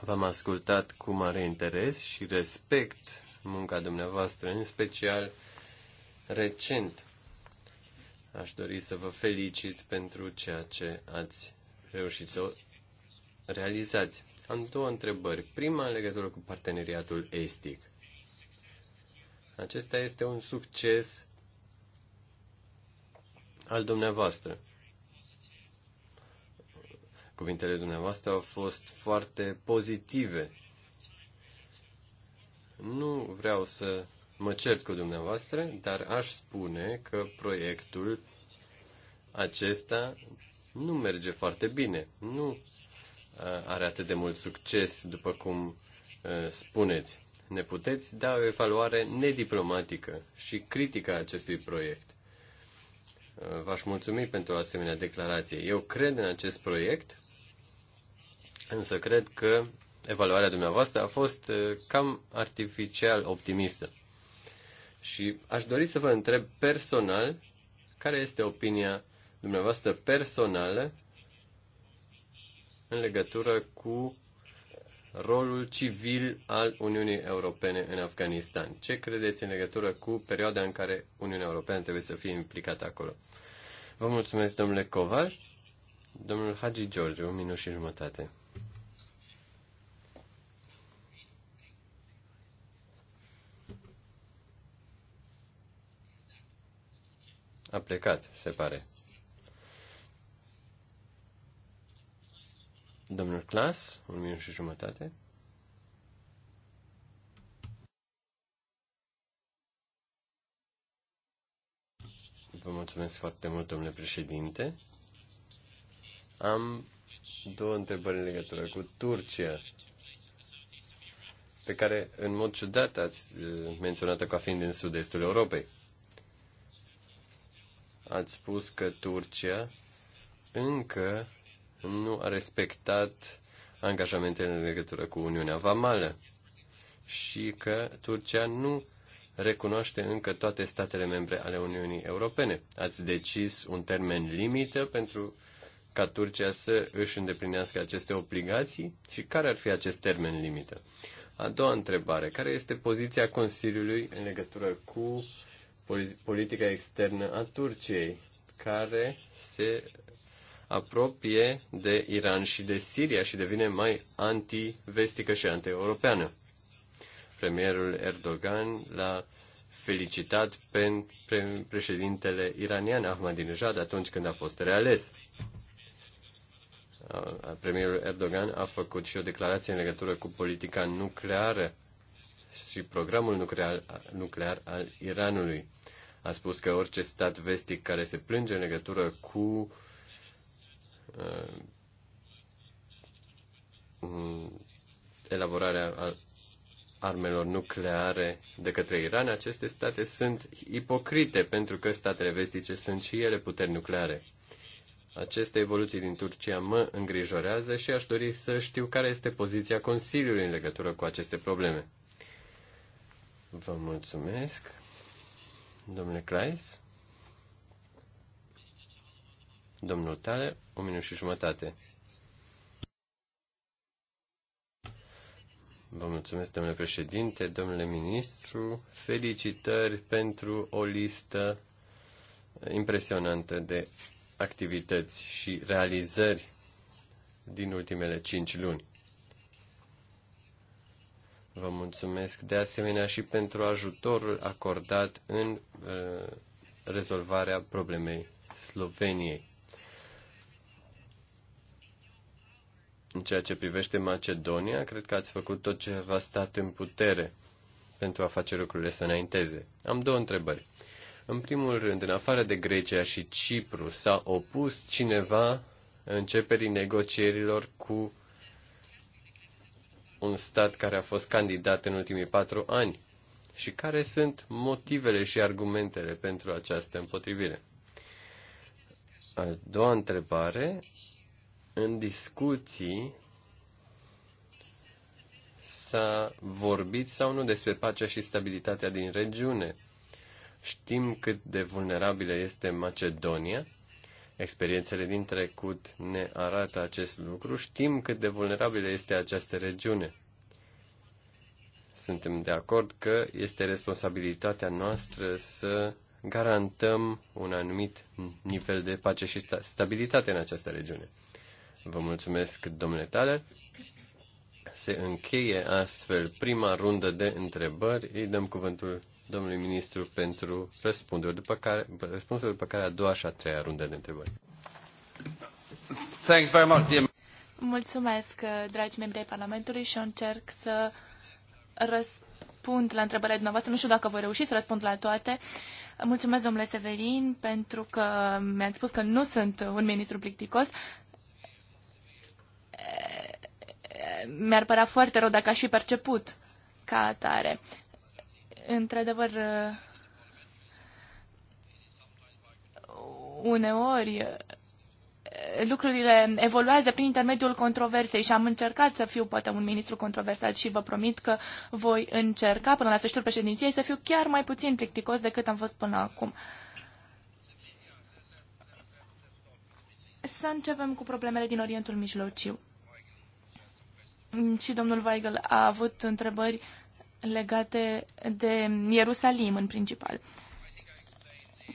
v-am ascultat cu mare interes și respect munca dumneavoastră, în special recent. Aș dori să vă felicit pentru ceea ce ați reușit să realizați. Am două întrebări. Prima în legătură cu parteneriatul estic. Acesta este un succes al dumneavoastră. Cuvintele dumneavoastră au fost foarte pozitive nu vreau să mă cert cu dumneavoastră, dar aș spune că proiectul acesta nu merge foarte bine. Nu uh, are atât de mult succes, după cum uh, spuneți. Ne puteți da o evaluare nediplomatică și critică a acestui proiect. Uh, v-aș mulțumi pentru o asemenea declarație. Eu cred în acest proiect, însă cred că evaluarea dumneavoastră a fost uh, cam artificial optimistă. Și aș dori să vă întreb personal care este opinia dumneavoastră personală în legătură cu rolul civil al Uniunii Europene în Afganistan. Ce credeți în legătură cu perioada în care Uniunea Europeană trebuie să fie implicată acolo? Vă mulțumesc, domnule Coval. Domnul Hagi Georgiu, un minut și jumătate. A plecat, se pare. Domnul Clas, un minut și jumătate. Vă mulțumesc foarte mult, domnule președinte. Am două întrebări în legătură cu Turcia, pe care, în mod ciudat, ați eh, menționat-o ca fiind în sud-estul Europei ați spus că Turcia încă nu a respectat angajamentele în legătură cu Uniunea Vamală și că Turcia nu recunoaște încă toate statele membre ale Uniunii Europene. Ați decis un termen limită pentru ca Turcia să își îndeplinească aceste obligații și care ar fi acest termen limită? A doua întrebare, care este poziția Consiliului în legătură cu politica externă a Turciei, care se apropie de Iran și de Siria și devine mai anti-vestică și anti-europeană. Premierul Erdogan l-a felicitat pe președintele iranian Ahmadinejad atunci când a fost reales. Premierul Erdogan a făcut și o declarație în legătură cu politica nucleară și programul nuclear, nuclear al Iranului. A spus că orice stat vestic care se plânge în legătură cu uh, mm, elaborarea armelor nucleare de către Iran, aceste state sunt ipocrite pentru că statele vestice sunt și ele puteri nucleare. Aceste evoluții din Turcia mă îngrijorează și aș dori să știu care este poziția Consiliului în legătură cu aceste probleme. Vă mulțumesc, domnule Kleis. Domnul Tale, o minut și jumătate. Vă mulțumesc, domnule președinte, domnule ministru. Felicitări pentru o listă impresionantă de activități și realizări din ultimele cinci luni. Vă mulțumesc de asemenea și pentru ajutorul acordat în uh, rezolvarea problemei Sloveniei. În ceea ce privește Macedonia, cred că ați făcut tot ce v-a stat în putere pentru a face lucrurile să înainteze. Am două întrebări. În primul rând, în afară de Grecia și Cipru, s-a opus cineva începerii negocierilor cu un stat care a fost candidat în ultimii patru ani și care sunt motivele și argumentele pentru această împotrivire. A doua întrebare, în discuții s-a vorbit sau nu despre pacea și stabilitatea din regiune. Știm cât de vulnerabilă este Macedonia Experiențele din trecut ne arată acest lucru. Știm cât de vulnerabilă este această regiune. Suntem de acord că este responsabilitatea noastră să garantăm un anumit nivel de pace și stabilitate în această regiune. Vă mulțumesc, domnule Taler. Se încheie astfel prima rundă de întrebări. Îi dăm cuvântul domnului ministru pentru răspunsuri, după care, răspunsuri după care a doua și a treia rundă de întrebări. Thanks very much, dear... Mulțumesc, dragi membri ai Parlamentului, și eu încerc să răspund la întrebările dumneavoastră. Nu știu dacă voi reuși să răspund la toate. Mulțumesc, domnule Severin, pentru că mi-ați spus că nu sunt un ministru plicticos. Mi-ar părea foarte rău dacă aș fi perceput ca atare într-adevăr, uh, uneori uh, lucrurile evoluează prin intermediul controversei și am încercat să fiu poate un ministru controversat și vă promit că voi încerca până la sfârșitul președinției să fiu chiar mai puțin plicticos decât am fost până acum. Să începem cu problemele din Orientul Mijlociu. Și domnul Weigel a avut întrebări legate de Ierusalim în principal.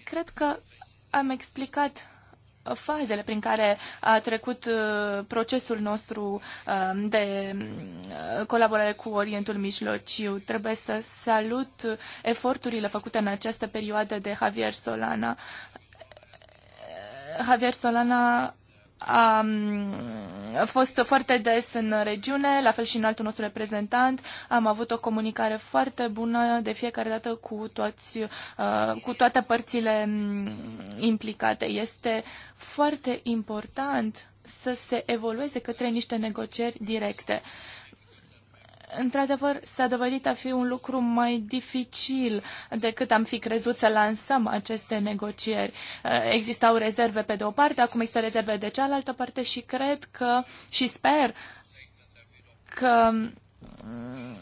Cred că am explicat fazele prin care a trecut uh, procesul nostru uh, de uh, colaborare cu Orientul Mijlociu. Trebuie să salut eforturile făcute în această perioadă de Javier Solana. Javier Solana am fost foarte des în regiune, la fel și în altul nostru reprezentant. Am avut o comunicare foarte bună de fiecare dată cu, toți, uh, cu toate părțile mm, implicate. Este foarte important să se evolueze către niște negocieri directe într-adevăr, s-a dovedit a fi un lucru mai dificil decât am fi crezut să lansăm aceste negocieri. Eh, existau rezerve pe de o parte, acum există rezerve de cealaltă parte și cred că și sper că mm,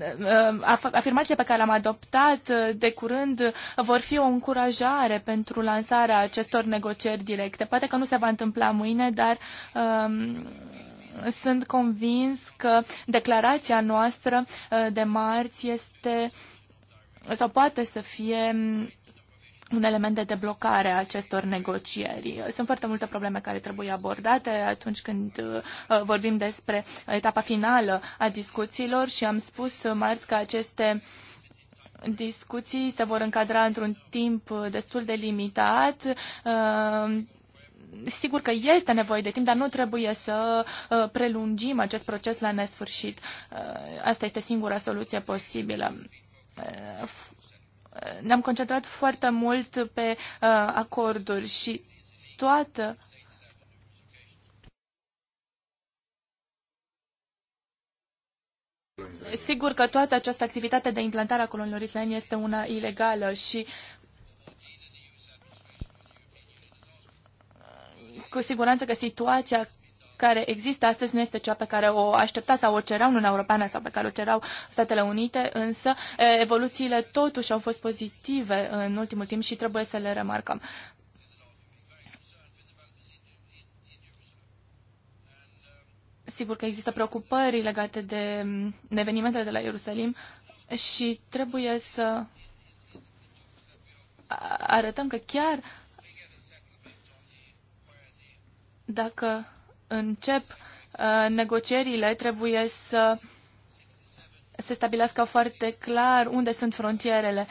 eh, eh, afirmațiile pe care le-am adoptat de curând vor fi o încurajare pentru lansarea acestor negocieri directe. Poate că nu se va întâmpla mâine, dar um, sunt convins că declarația noastră uh, de marți este sau poate să fie mm, un element de deblocare a acestor negocieri. Sunt foarte multe probleme care trebuie abordate atunci când uh, vorbim despre etapa finală a discuțiilor și am spus uh, marți că aceste discuții se vor încadra într-un timp destul de limitat sigur că este nevoie de timp, dar nu trebuie să uh, prelungim acest proces la nesfârșit. Uh, asta este singura soluție posibilă uh, ne-am concentrat foarte mult pe acorduri și toată Sigur că toată această activitate de implantare a colonilor islamiene este una ilegală și cu siguranță că situația care există astăzi nu este cea pe care o aștepta sau o cereau Uniunea Europeană sau pe care o cereau Statele Unite, însă evoluțiile totuși au fost pozitive în ultimul timp și trebuie să le remarcăm. Sigur că există preocupări legate de evenimentele de la Ierusalim și trebuie să arătăm că chiar uh, dacă încep uh, negocierile, trebuie să se stabilească foarte clar unde sunt frontierele.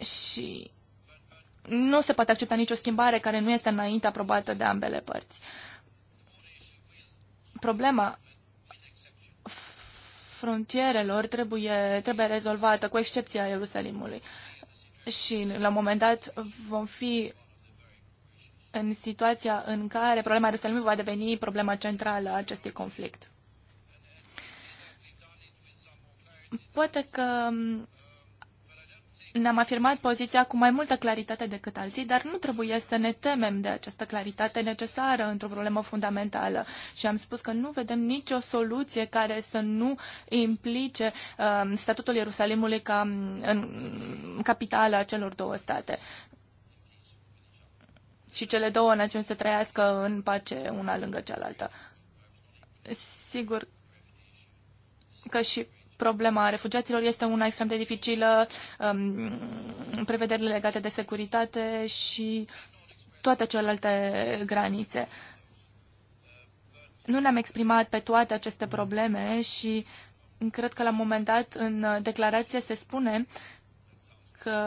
Și nu se poate accepta nicio schimbare care nu este înainte aprobată de ambele părți. Problema frontierelor trebuie, trebuie rezolvată, cu excepția Ierusalimului. Și la un moment dat vom fi în situația în care problema Ierusalimului va deveni problema centrală a acestui conflict. Poate că ne-am afirmat poziția cu mai multă claritate decât alții, dar nu trebuie să ne temem de această claritate necesară într-o problemă fundamentală. Și am spus că nu vedem nicio soluție care să nu implice uh, statutul Ierusalimului ca um, în, capitală a celor două state și cele două națiuni să trăiască în pace una lângă cealaltă. Sigur că și problema refugiaților este una extrem de dificilă, um, prevederile legate de securitate și toate celelalte granițe. Nu ne-am exprimat pe toate aceste probleme și cred că la un moment dat în declarație se spune că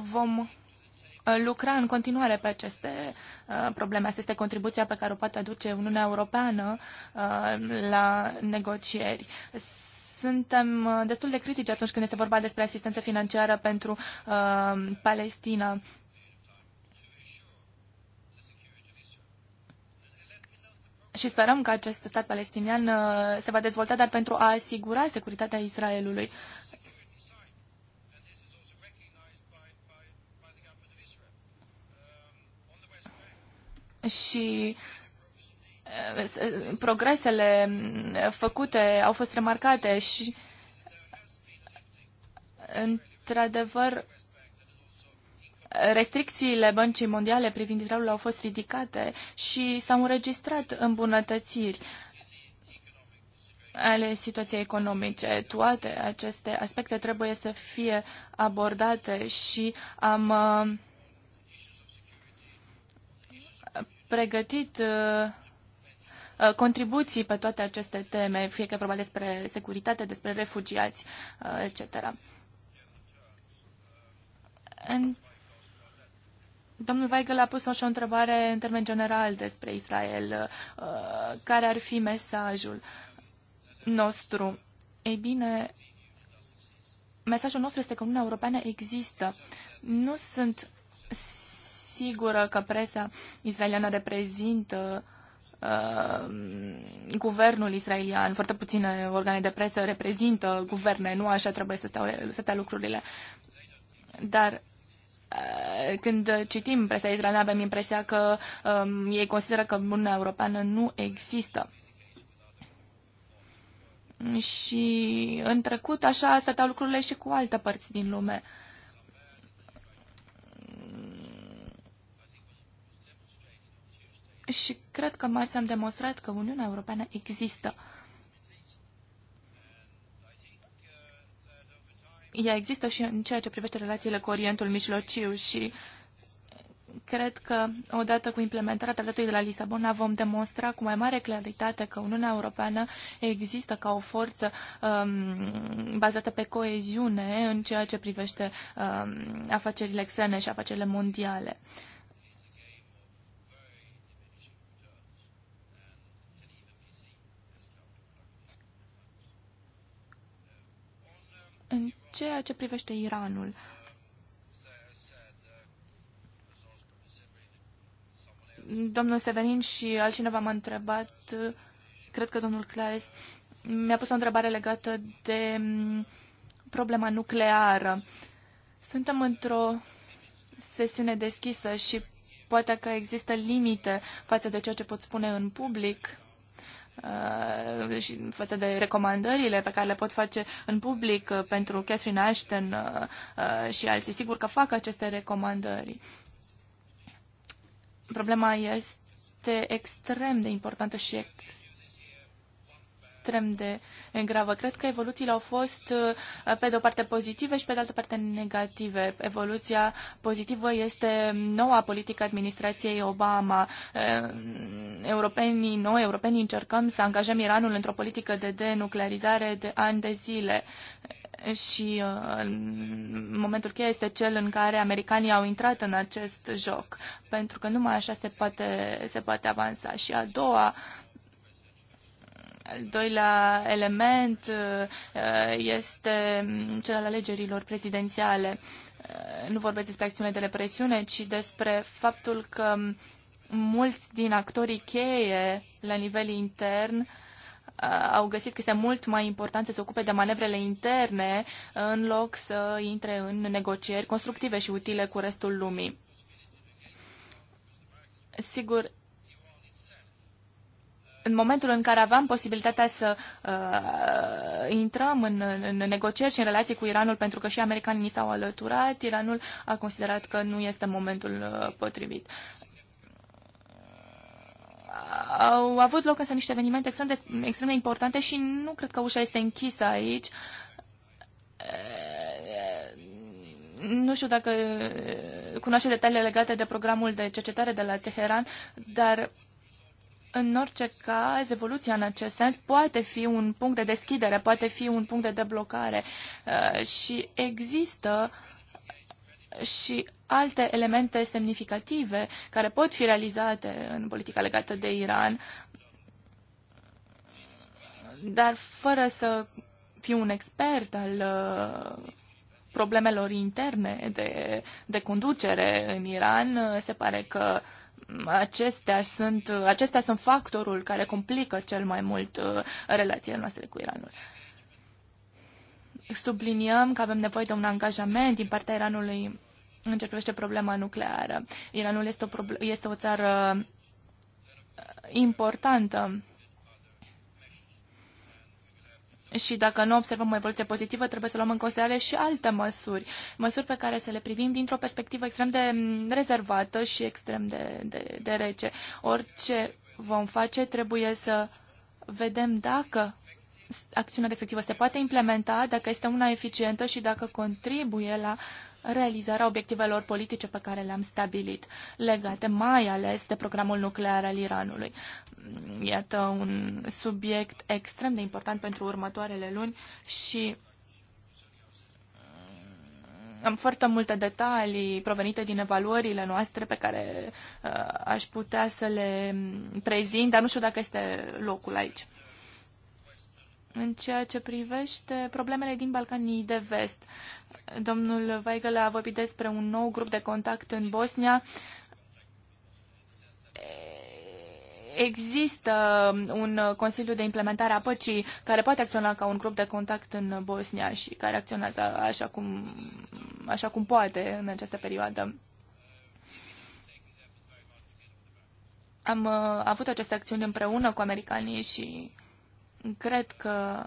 vom uh, lucra în continuare pe aceste uh, probleme. Asta este contribuția pe care o poate aduce Uniunea Europeană uh, la negocieri suntem destul de critici atunci când este vorba despre asistență financiară pentru Palestina. Și sperăm că acest stat palestinian se va dezvolta, dar pentru a asigura securitatea Israelului. și eh, progresele făcute au fost remarcate și într-adevăr restricțiile băncii mondiale privind Israelul au fost ridicate și s-au înregistrat îmbunătățiri ale situației economice. Toate aceste aspecte trebuie să fie abordate și am uh, pregătit uh, uh, contribuții pe toate aceste teme, fie că vorba despre securitate, despre refugiați, uh, etc. În... Domnul Weigel a pus așa o întrebare în termen general despre Israel. Care ar fi mesajul nostru? Ei bine, mesajul nostru este că Uniunea Europeană există. Nu sunt sigură că presa israeliană reprezintă uh, guvernul israelian. Foarte puține organe de presă reprezintă guverne, nu așa trebuie să stau să stea lucrurile. Dar uh, când citim presa israeliană, avem impresia că um, ei consideră că Uniunea Europeană nu există. Și în trecut așa stăteau lucrurile și cu alte părți din lume. Uh, și cred că marți am demonstrat că Uniunea Europeană există. Ea există și în ceea ce privește relațiile cu Orientul Mijlociu și cred că odată cu implementarea tratatului de la Lisabona vom demonstra cu mai mare claritate că Uniunea Europeană există ca o forță um, bazată pe coeziune în ceea ce privește um, afacerile externe și afacerile mondiale. Uh, În ceea ce privește Iranul, domnul Severin și altcineva m-a întrebat, cred că domnul Claes, mi-a pus o întrebare legată de mm, problema nucleară. Suntem într-o sesiune deschisă și poate că există limite față de ceea ce pot spune în public. Uh, și față de recomandările pe care le pot face în public uh, pentru Catherine Ashton uh, și alții. Sigur că fac aceste recomandări. Problema este extrem de importantă și extrem extrem de gravă. Cred că evoluțiile au fost, uh, pe de o parte, pozitive și pe de altă parte negative. Evoluția pozitivă este noua politică administrației Obama. Uh, europenii noi, europenii încercăm să angajăm Iranul într-o politică de denuclearizare de ani de zile și uh, momentul cheie este cel în care americanii au intrat în acest joc, pentru că numai așa se poate, se poate avansa. Și a doua al doilea element uh, uh, este mm, cel al alegerilor prezidențiale. Uh, nu vorbesc despre acțiune de represiune, ci despre faptul că mm, mulți din actorii cheie la nivel intern au găsit că este mult mai important să se ocupe de manevrele interne în loc să intre în negocieri constructive și utile cu restul lumii. Sigur, în momentul în care aveam posibilitatea să uh, intrăm în, în, negocieri și în relații cu Iranul, pentru că și americanii ni s-au alăturat, Iranul a considerat că nu este momentul uh, potrivit. Au avut loc însă niște evenimente extrem de, extrem de importante și nu cred că ușa este închisă aici. Uh, nu știu dacă uh, cunoaște detalii legate de programul de cercetare de la Teheran, dar în orice caz, evoluția în acest sens poate fi un punct de deschidere, poate fi un punct de deblocare uh, și există și alte elemente semnificative care pot fi realizate în politica legată de Iran, dar fără să fiu un expert al uh, problemelor interne de, de conducere în Iran, uh, se pare că uh, acestea sunt, acestea sunt factorul care complică cel mai mult uh, relațiile noastre cu Iranul. Subliniem că avem nevoie de un angajament din partea Iranului în ce privește problema nucleară. Iranul este o, este o țară uh, importantă și dacă nu observăm o evoluție pozitivă, trebuie să luăm în considerare și alte măsuri, măsuri pe care să le privim dintr-o perspectivă extrem de mm, rezervată și extrem de, de, de rece. Orice vom face, trebuie să vedem dacă acțiunea respectivă se poate implementa, dacă este una eficientă și dacă contribuie la realizarea obiectivelor politice pe care le-am stabilit, legate mai ales de programul nuclear al Iranului. Iată un subiect extrem de important pentru următoarele luni și am foarte multe detalii provenite din evaluările noastre pe care uh, aș putea să le prezint, dar nu știu dacă este locul aici. În ceea ce privește problemele din Balcanii de vest, Domnul Weigel a vorbit despre un nou grup de contact în Bosnia. Există un Consiliu de Implementare a Păcii care poate acționa ca un grup de contact în Bosnia și care acționează așa cum, așa cum poate în această perioadă. Am uh, avut aceste acțiuni împreună cu americanii și cred că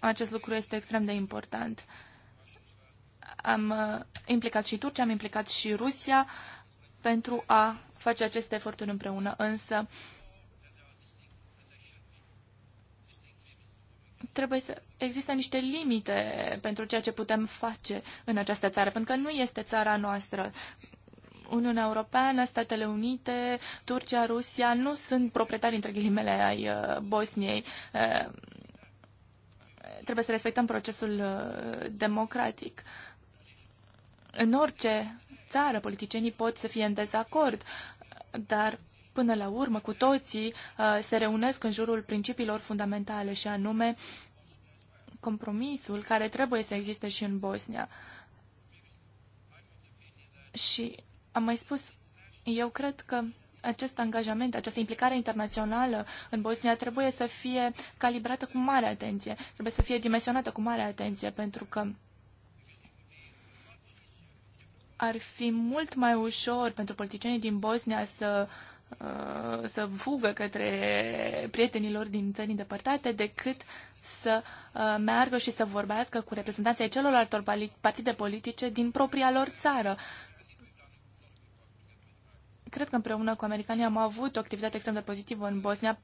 acest lucru este extrem de important. Uh, am uh, implicat și Turcia, am implicat și Rusia pentru a face aceste eforturi împreună, însă trebuie să există niște limite pentru ceea ce putem face în această țară, pentru că nu este țara noastră. Uniunea Europeană, Statele Unite, Turcia, Rusia nu sunt proprietari, între ghilimele, ai uh, Bosniei. Uh, trebuie să respectăm procesul democratic. În orice țară, politicienii pot să fie în dezacord, dar până la urmă cu toții uh, se reunesc în jurul principiilor fundamentale și anume compromisul care trebuie să existe și în Bosnia. Și am mai spus, eu cred că acest angajament, această implicare internațională în Bosnia trebuie să fie calibrată cu mare atenție, trebuie să fie dimensionată cu mare atenție, pentru că ar fi mult mai ușor pentru politicienii din Bosnia să uh, să fugă către prietenilor din țări îndepărtate decât să uh, meargă și să vorbească cu reprezentanții celorlaltor partide politice din propria lor țară. Cred că împreună cu americanii am avut o activitate extrem de pozitivă în Bosnia,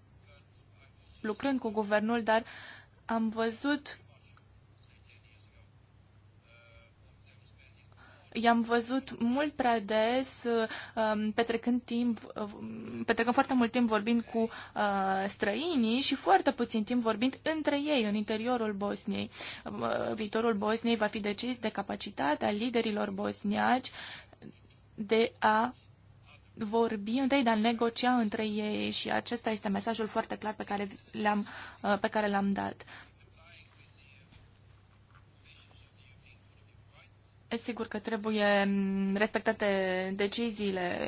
lucrând cu guvernul, dar am văzut i-am văzut mult prea des um, petrecând timp, uh, petrecând foarte mult timp vorbind cu uh, străinii și foarte puțin timp vorbind între ei în interiorul Bosniei. Um, uh, viitorul Bosniei va fi decis de capacitatea liderilor bosniaci de a vorbi între ei, de a negocia între ei și acesta este mesajul foarte clar pe care l-am dat. sigur că trebuie mm, respectate deciziile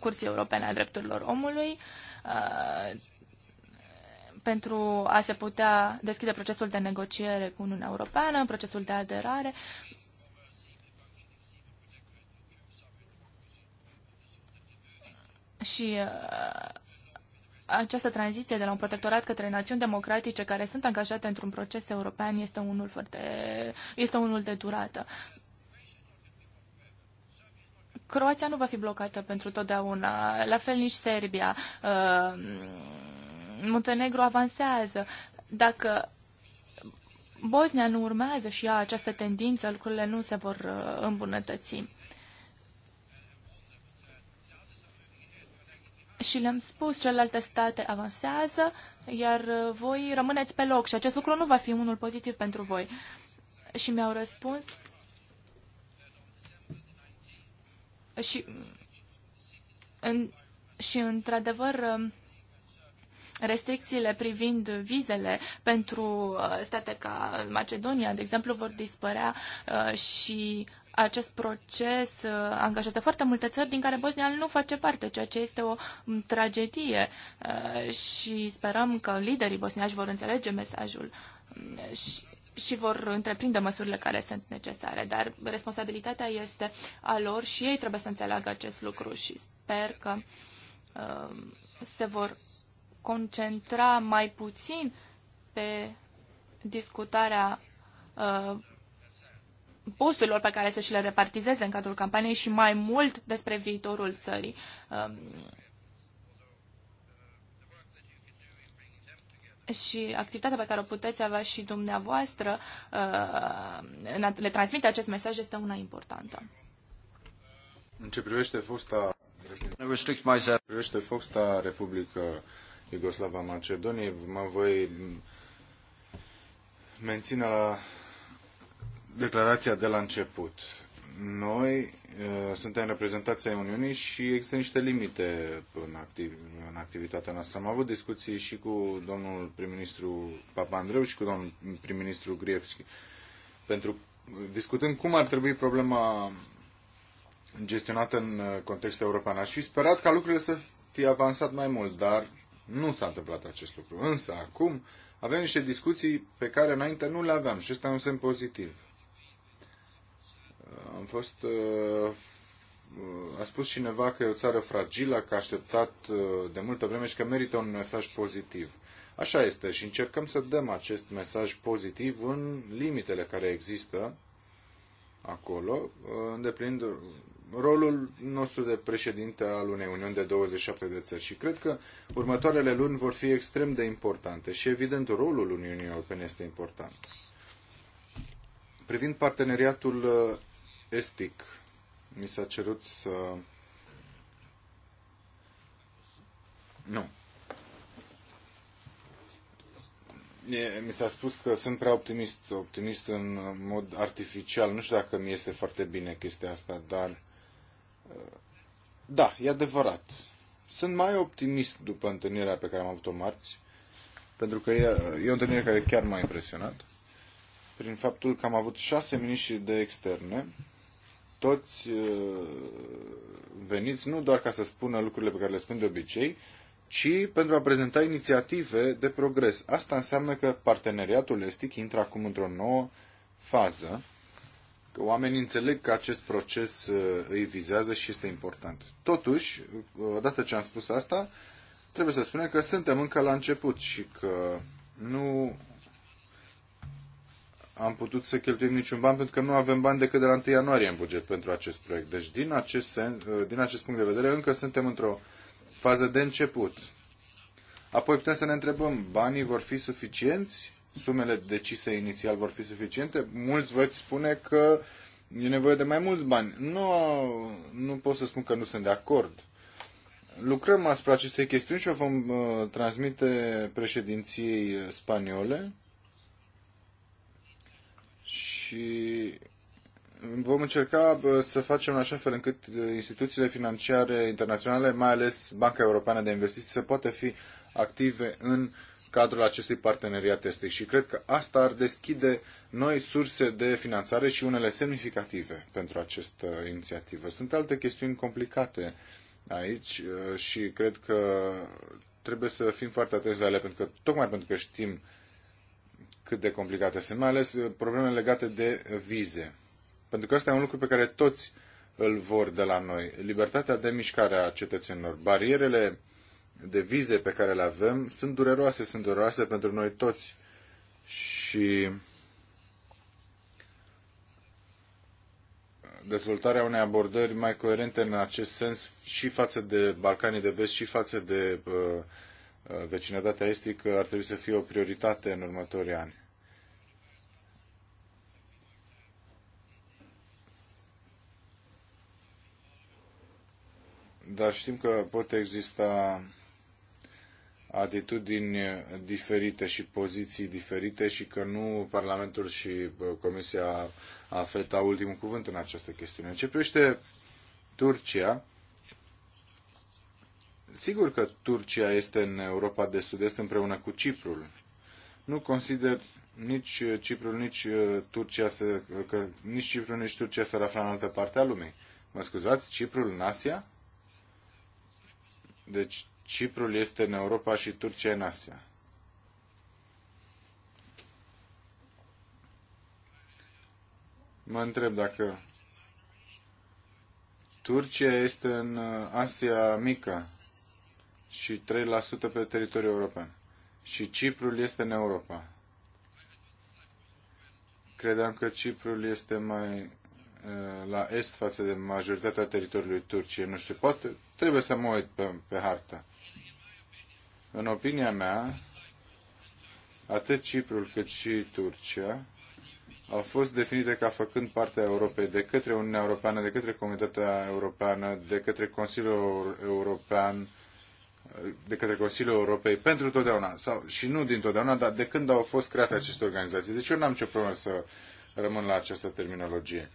Curții Europene a Drepturilor Omului uh, pentru a se putea deschide procesul de negociere cu Uniunea Europeană, procesul de aderare. Și uh, această tranziție de la un protectorat către națiuni democratice care sunt angajate într-un proces european este unul, foarte, este unul de durată. Croația nu va fi blocată pentru totdeauna, la fel nici Serbia. Uh, Muntenegru avansează. Dacă Bosnia nu urmează și ea această tendință, lucrurile nu se vor uh, îmbunătăți. Și le-am spus, celelalte state avansează, iar uh, voi rămâneți pe loc și acest lucru nu va fi unul pozitiv pentru voi. Și mi-au răspuns și, în, și într-adevăr, um, restricțiile privind vizele pentru uh, state ca Macedonia, de exemplu, vor dispărea uh, și acest proces uh, angajează foarte multe țări din care Bosnia nu face parte, ceea ce este o um, tragedie și sperăm că liderii bosniaci vor înțelege mesajul. Um, și și vor întreprinde măsurile care sunt necesare, dar responsabilitatea este a lor și ei trebuie să înțeleagă acest lucru și sper că uh, se vor concentra mai puțin pe discutarea uh, posturilor pe care să și le repartizeze în cadrul campaniei și mai mult despre viitorul țării. Uh, și activitatea pe care o puteți avea și dumneavoastră uh, în a le transmite acest mesaj este una importantă. În ce privește fosta, privește fosta Republică Iugoslava Macedoniei, mă voi menține la declarația de la început. Noi Eh, suntem reprezentația ai Uniunii și există niște limite în, activ, în activitatea noastră. Am avut discuții și cu domnul prim-ministru Papandreu și cu domnul prim-ministru Grievski, pentru discutând cum ar trebui problema gestionată în eh, contextul european. Aș fi sperat ca lucrurile să fie avansat mai mult, dar nu s-a întâmplat acest lucru. Însă, acum avem niște discuții pe care înainte nu le aveam și ăsta e un semn pozitiv. Am fost uh, a spus cineva că e o țară fragilă, că a așteptat uh, de multă vreme și că merită un mesaj pozitiv. Așa este și încercăm să dăm acest mesaj pozitiv în limitele care există acolo, uh, îndeplinind rolul nostru de președinte al unei Uniuni de 27 de țări și cred că următoarele luni vor fi extrem de importante și evident rolul Uniunii Europene este important. Privind parteneriatul Estic mi s-a cerut să... Nu. E, mi s-a spus că sunt prea optimist, optimist în mod artificial. Nu știu dacă mi este foarte bine chestia asta, dar... Da, e adevărat. Sunt mai optimist după întâlnirea pe care am avut-o marți, pentru că e, e o întâlnire care chiar m-a impresionat, prin faptul că am avut șase miniștri de externe, toți uh, veniți nu doar ca să spună lucrurile pe care le spun de obicei, ci pentru a prezenta inițiative de progres. Asta înseamnă că parteneriatul estic intră acum într-o nouă fază, că oamenii înțeleg că acest proces uh, îi vizează și este important. Totuși, uh, odată ce am spus asta, trebuie să spunem că suntem încă la început și că nu am putut să cheltuim niciun ban pentru că nu avem bani decât de la 1 ianuarie în buget pentru acest proiect. Deci, din acest, sen, ă, din acest punct de vedere, încă suntem într-o fază de început. Apoi putem să ne întrebăm, banii vor fi suficienți? Sumele decise inițial vor fi suficiente? Mulți vă spune că e nevoie de mai mulți bani. Nu, nu pot să spun că nu sunt de acord. Lucrăm asupra acestei chestiuni și o vom ă, transmite președinției spaniole și vom încerca să facem în așa fel încât instituțiile financiare internaționale, mai ales Banca Europeană de Investiții, să poată fi active în cadrul acestui parteneriat estic și cred că asta ar deschide noi surse de finanțare și unele semnificative pentru această inițiativă. Sunt alte chestiuni complicate aici și cred că trebuie să fim foarte atenți la ele pentru că, tocmai pentru că știm uh, cât de complicate sunt, mai ales uh, problemele legate de uh, vize. Pentru că ăsta e un lucru pe care toți îl vor de la noi. Libertatea de mișcare a cetățenilor. Barierele de vize pe care le avem sunt dureroase, sunt dureroase pentru noi toți. Și dezvoltarea unei abordări mai coerente în acest sens și față de Balcanii de Vest și față de uh, Uh, vecinătatea estică ar trebui să fie o prioritate în următorii ani. Dar știm că pot exista atitudini diferite și poziții diferite și că nu Parlamentul și Comisia a au ultimul cuvânt în această chestiune. Începește Turcia. Sigur că Turcia este în Europa de Sud-Est împreună cu Ciprul. Nu consider nici Ciprul, nici uh, Turcia să, că nici Ciprul, nici Turcia să afla în altă parte a lumii. Mă scuzați, Ciprul în Asia? Deci Ciprul este în Europa și Turcia în Asia. Mă întreb dacă Turcia este în uh, Asia Mică și 3% pe teritoriul european. Și Ciprul este în Europa. Credeam că Ciprul este mai uh, la est față de majoritatea teritoriului Turciei. Nu știu, poate trebuie să mă uit pe, pe hartă. În opinia mea, atât Ciprul cât și Turcia au fost definite ca făcând parte a Europei de către Uniunea Europeană, de către Comunitatea Europeană, de către Consiliul European, de către Consiliul Europei pentru totdeauna, sau, și nu din totdeauna, dar de când au fost create aceste organizații. Deci eu n-am nicio problemă să rămân la această terminologie.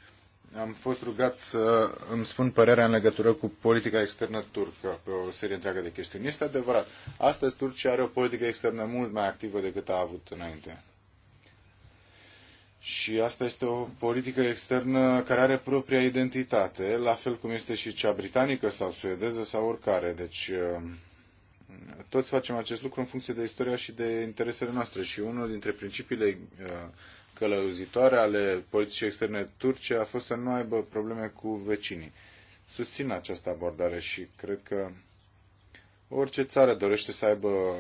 Am fost rugat să îmi spun părerea în legătură cu politica externă turcă pe o serie întreagă de chestiuni. Este adevărat. Astăzi Turcia are o politică externă mult mai activă decât a avut înainte. Și asta este o politică externă care are propria identitate, la fel cum este și cea britanică sau suedeză sau oricare. Deci toți facem acest lucru în funcție de istoria și de interesele noastre și unul dintre principiile uh, călăuzitoare ale politicii externe turce a fost să nu aibă probleme cu vecinii. Susțin această abordare și cred că orice țară dorește să aibă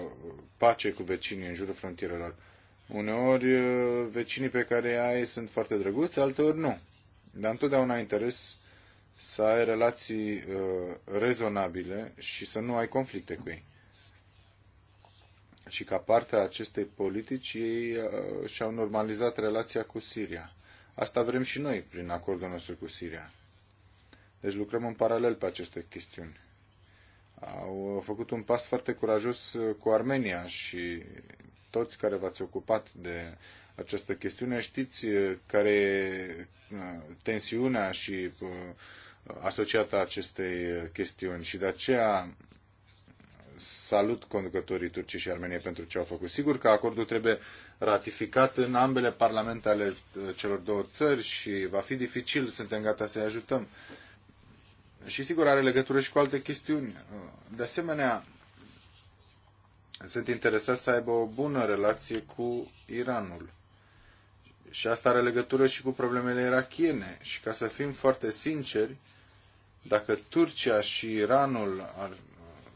pace cu vecinii în jurul frontierelor. Uneori uh, vecinii pe care ai sunt foarte drăguți, alteori nu. Dar întotdeauna ai interes să ai relații uh, rezonabile și să nu ai conflicte cu ei și ca parte a acestei politici ei uh, și-au normalizat relația cu Siria. Asta vrem și noi prin acordul nostru cu Siria. Deci lucrăm în paralel pe aceste chestiuni. Au făcut un pas foarte curajos uh, cu Armenia și toți care v-ați ocupat de această chestiune știți uh, care e tensiunea și asociată acestei chestiuni și de aceea salut conducătorii Turciei și armenie pentru ce au făcut. Sigur că acordul trebuie ratificat în ambele parlamente ale uh, celor două țări și va fi dificil, suntem gata să-i ajutăm. Și sigur are legătură și cu alte chestiuni. Uh, de asemenea, sunt interesat să aibă o bună relație cu Iranul. Și asta are legătură și cu problemele irachiene. Și ca să fim foarte sinceri, dacă Turcia și Iranul ar,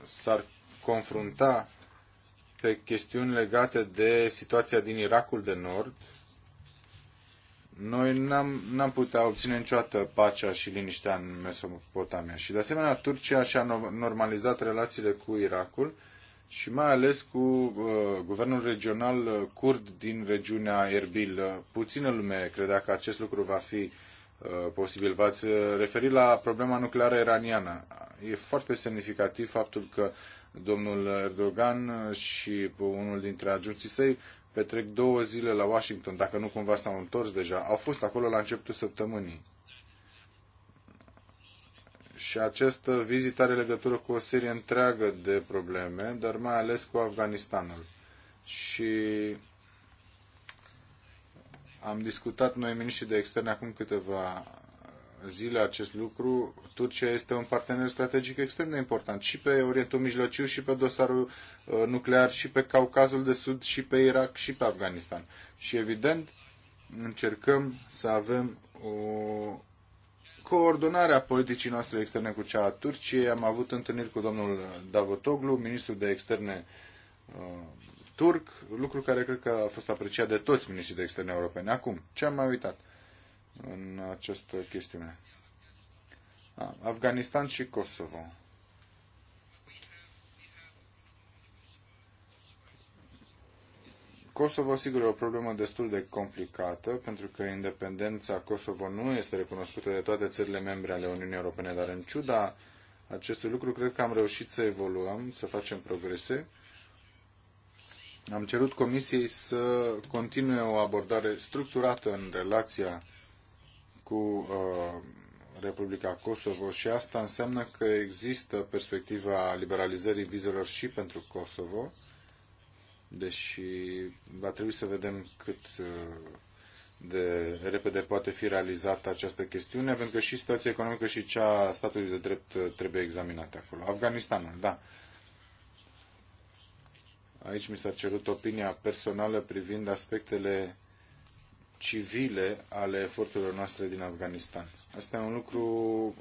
s-ar confrunta pe chestiuni legate de situația din Irakul de Nord, noi n-am, n-am putea obține niciodată pacea și liniștea în Mesopotamia. Și de asemenea, Turcia și-a normalizat relațiile cu Irakul și mai ales cu uh, guvernul regional kurd uh, din regiunea Erbil. Uh, puțină lume credea că acest lucru va fi uh, posibil. V-ați uh, referit la problema nucleară iraniană. E foarte semnificativ faptul că domnul Erdogan și unul dintre adjunții săi petrec două zile la Washington, dacă nu cumva s-au întors deja. Au fost acolo la începutul săptămânii. Și această vizită are legătură cu o serie întreagă de probleme, dar mai ales cu Afganistanul. Și am discutat noi miniștri de externe acum câteva zile acest lucru. Turcia este un partener strategic extrem de important și pe Orientul Mijlociu, și pe dosarul uh, nuclear, și pe Caucazul de Sud, și pe Irak, și pe Afganistan. Și evident, încercăm să avem o coordonare a politicii noastre externe cu cea a Turciei. Am avut întâlniri cu domnul Davutoglu, ministrul de externe uh, turc, lucru care cred că a fost apreciat de toți ministrii de externe europeni. Acum, ce am mai uitat? Uh, în această chestiune. Afganistan și Kosovo. Kosovo, sigur, e o problemă destul de complicată, pentru că independența Kosovo nu este recunoscută de toate țările membre ale Uniunii Europene, dar în ciuda acestui lucru, cred că am reușit să evoluăm, să facem progrese. Am cerut Comisiei să continue o abordare structurată în relația cu uh, Republica Kosovo și asta înseamnă că există perspectiva liberalizării vizelor și pentru Kosovo, deși va trebui să vedem cât uh, de repede poate fi realizată această chestiune, pentru că și situația economică și cea a statului de drept uh, trebuie examinate acolo. Afganistanul, da. Aici mi s-a cerut opinia personală privind aspectele civile ale eforturilor noastre din Afganistan. Asta e un lucru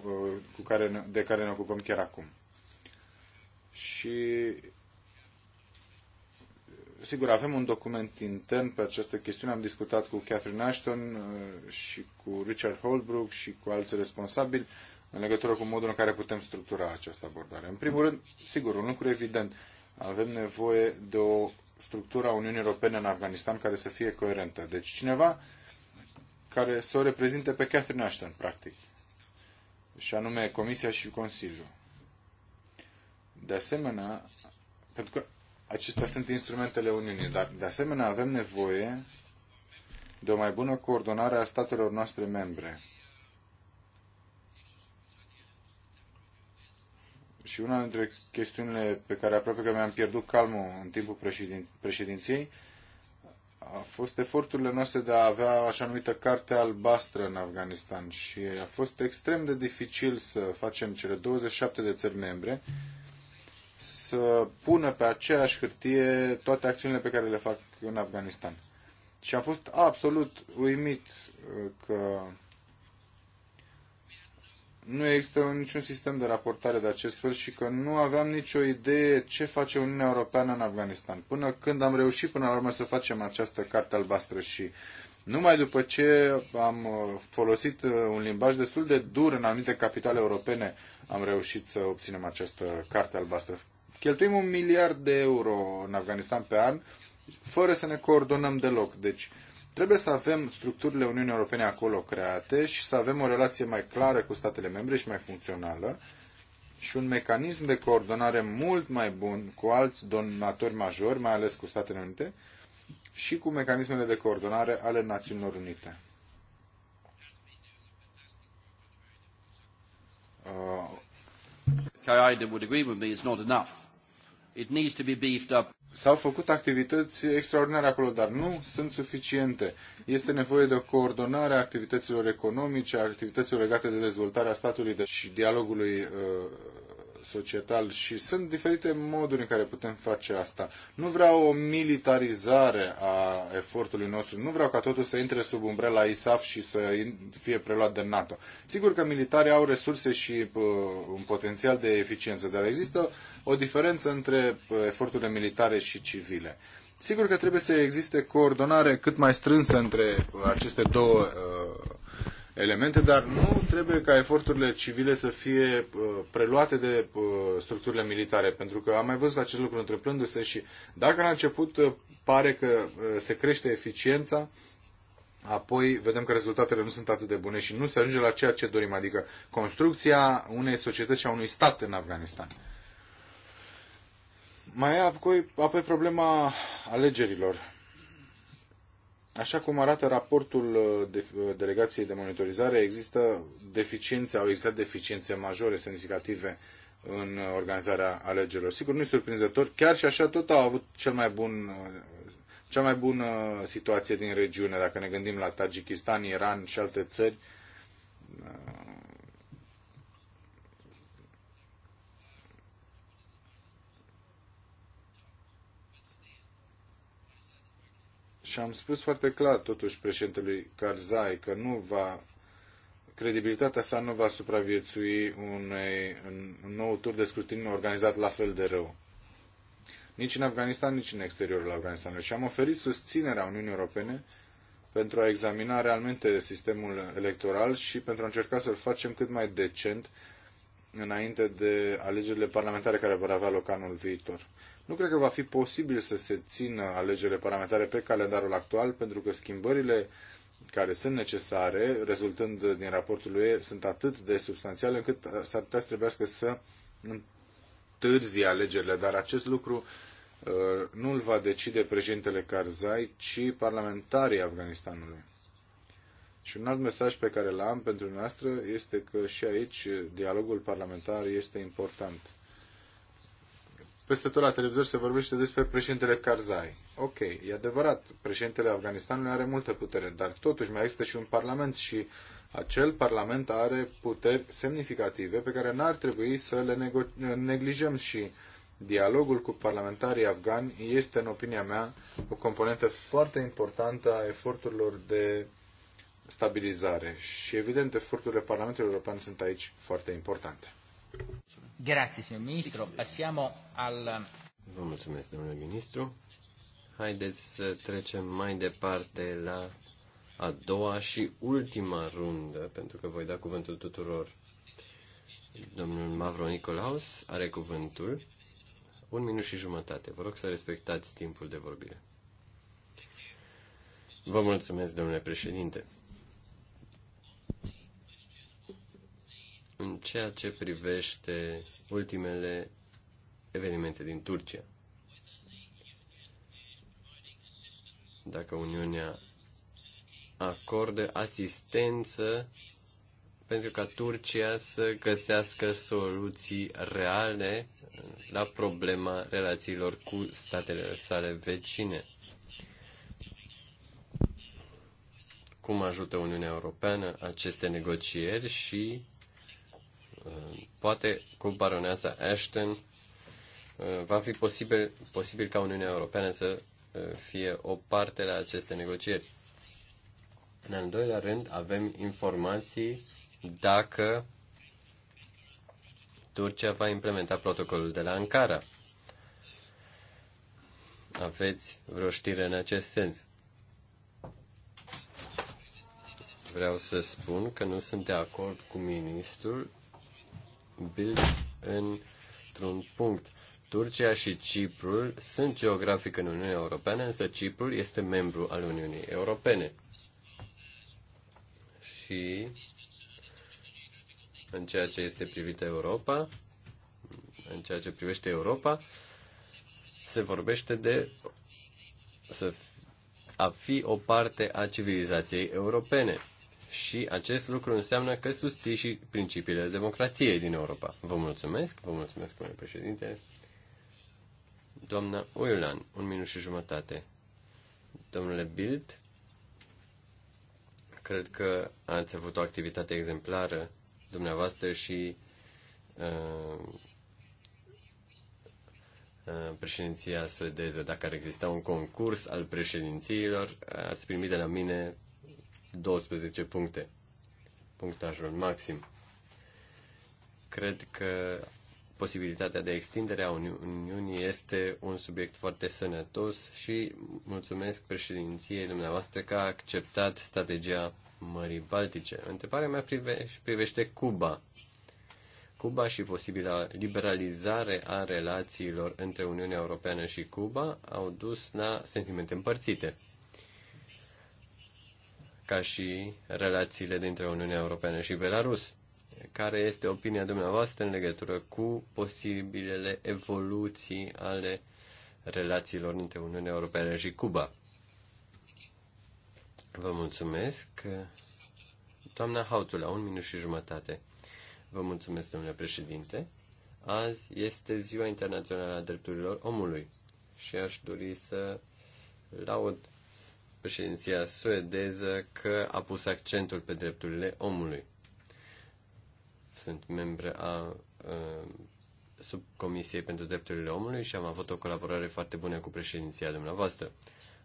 uh, cu care, de care ne ocupăm chiar acum. Și uh, sigur, avem un document intern pe această chestiune. Am discutat cu Catherine Ashton uh, și cu Richard Holbrook și cu alți responsabili în legătură cu modul în care putem structura această abordare. În primul rând, sigur, un lucru evident, avem nevoie de o structură a Uniunii Europene în Afganistan care să fie coerentă. Deci cineva care să o reprezinte pe Catherine Ashton, practic, și anume Comisia și Consiliul. De asemenea, pentru că acestea sunt instrumentele Uniunii, dar de asemenea avem nevoie de o mai bună coordonare a statelor noastre membre. Și una dintre chestiunile pe care aproape că mi-am pierdut calmul în timpul președin- președinției a fost eforturile noastre de a avea așa numită carte albastră în Afganistan și a fost extrem de dificil să facem cele 27 de țări membre să pună pe aceeași hârtie toate acțiunile pe care le fac în Afganistan. Și am fost absolut uimit uh, că nu există niciun sistem de raportare de acest fel și că nu aveam nicio idee ce face Uniunea Europeană în Afganistan. Până când am reușit până la urmă să facem această carte albastră și numai după ce am uh, folosit uh, un limbaj destul de dur în anumite capitale europene, am reușit să obținem această carte albastră. Cheltuim un miliard de euro în Afganistan pe an, fără să ne coordonăm deloc. Deci, uh, Trebuie să avem structurile Uniunii Europene acolo create și să avem o relație mai clară cu statele membre și mai funcțională și un mecanism de coordonare mult mai bun cu alți donatori majori, mai ales cu Statele Unite, și cu mecanismele de coordonare ale Națiunilor Unite. Uh, would agree with me, it's not enough. It needs to be beefed up. S-au făcut activități extraordinare acolo, dar nu sunt suficiente. Este nevoie de o coordonare a activităților economice, a activităților legate de dezvoltarea statului de și dialogului uh, societal și sunt diferite moduri în care putem face asta. Nu vreau o militarizare a efortului nostru, nu vreau ca totul să intre sub umbrela ISAF și să fie preluat de NATO. Sigur că militarii au resurse și uh, un potențial de eficiență, dar există o diferență între uh, eforturile militare și civile. Sigur că trebuie să existe coordonare cât mai strânsă între aceste două uh, elemente, dar nu trebuie ca eforturile civile să fie uh, preluate de uh, structurile militare, pentru că am mai văzut acest lucru întâmplându-se și dacă la început uh, pare că se crește eficiența, apoi vedem că rezultatele nu sunt atât de bune și nu se ajunge la ceea ce dorim, adică construcția unei societăți și a unui stat în Afganistan. Mai e apoi, apoi problema alegerilor. Așa cum arată raportul uh, de, uh, delegației de monitorizare, există deficiențe, au existat deficiențe majore, semnificative în uh, organizarea alegerilor. Sigur, nu e surprinzător, chiar și așa tot au avut cel mai bun, cea mai bună situație din regiune, dacă ne gândim la Tajikistan, Iran și alte țări Și am spus foarte clar, totuși, președintelui Karzai că nu va, credibilitatea sa nu va supraviețui unei, un nou tur de scrutin organizat la fel de rău. Nici în Afganistan, nici în exteriorul Afganistanului. Și am oferit susținerea Uniunii Europene pentru a examina realmente sistemul electoral și pentru a încerca să-l facem cât mai decent înainte de alegerile parlamentare care vor avea loc anul viitor. Nu cred că va fi posibil să se țină alegerile parlamentare pe calendarul actual, pentru că schimbările care sunt necesare, rezultând din raportul lui, sunt atât de substanțiale încât s-ar putea să trebuiască să întârzi alegerile, dar acest lucru uh, nu îl va decide președintele Karzai, ci parlamentarii Afganistanului. Și un alt mesaj pe care l-am pentru noastră este că și aici dialogul parlamentar este important. Peste tot la televizor se vorbește despre președintele Karzai. Ok, e adevărat, președintele Afganistanului are multă putere, dar totuși mai există și un parlament și acel parlament are puteri semnificative pe care n-ar trebui să le neglijăm și dialogul cu parlamentarii afgani este, în opinia mea, o componentă foarte importantă a eforturilor de stabilizare și, evident, eforturile Parlamentului European sunt aici foarte importante. Grazie, signor Ministro. Passiamo al... Vă mulțumesc, domnule ministru. Haideți să trecem mai departe la a doua și ultima rundă, pentru că voi da cuvântul tuturor. Domnul Mavro Nicolaus are cuvântul. Un minut și jumătate. Vă rog să respectați timpul de vorbire. Vă mulțumesc, domnule președinte. în ceea ce privește ultimele evenimente din Turcia. Dacă Uniunea acordă asistență pentru ca Turcia să găsească soluții reale la problema relațiilor cu statele sale vecine. Cum ajută Uniunea Europeană aceste negocieri și poate cu baroneasa Ashton uh, va fi posibil, posibil ca Uniunea Europeană să uh, fie o parte la aceste negocieri. În al doilea rând, avem informații dacă Turcia va implementa protocolul de la Ankara. Aveți vreo știre în acest sens? Vreau să spun că nu sunt de acord cu ministrul Bild într-un punct. Turcia și Ciprul sunt geografic în Uniunea Europeană, însă Ciprul este membru al Uniunii Europene. Și în ceea ce este privită Europa, în ceea ce privește Europa, se vorbește de să a fi o parte a civilizației europene și acest lucru înseamnă că susții și principiile democrației din Europa. Vă mulțumesc, vă mulțumesc, domnule președinte. Doamna Oiulan, un minut și jumătate. Domnule Bild, cred că ați avut o activitate exemplară dumneavoastră și uh, uh, președinția suedeză. Dacă ar exista un concurs al președințiilor, ați primit de la mine 12 puncte, punctajul maxim. Cred că posibilitatea de extindere a Uniunii este un subiect foarte sănătos și mulțumesc președinției dumneavoastră că a acceptat strategia Mării Baltice. Întrebarea mea prive- privește Cuba. Cuba și posibila liberalizare a relațiilor între Uniunea Europeană și Cuba au dus la sentimente împărțite ca și relațiile dintre Uniunea Europeană și Belarus. Care este opinia dumneavoastră în legătură cu posibilele evoluții ale relațiilor dintre Uniunea Europeană și Cuba? Vă mulțumesc. Doamna Hautula, un minut și jumătate. Vă mulțumesc, domnule președinte. Azi este Ziua Internațională a Drepturilor Omului și aș dori să laud președinția suedeză că a pus accentul pe drepturile omului. Sunt membre a subcomisiei pentru drepturile omului și am avut o colaborare foarte bună cu președinția dumneavoastră.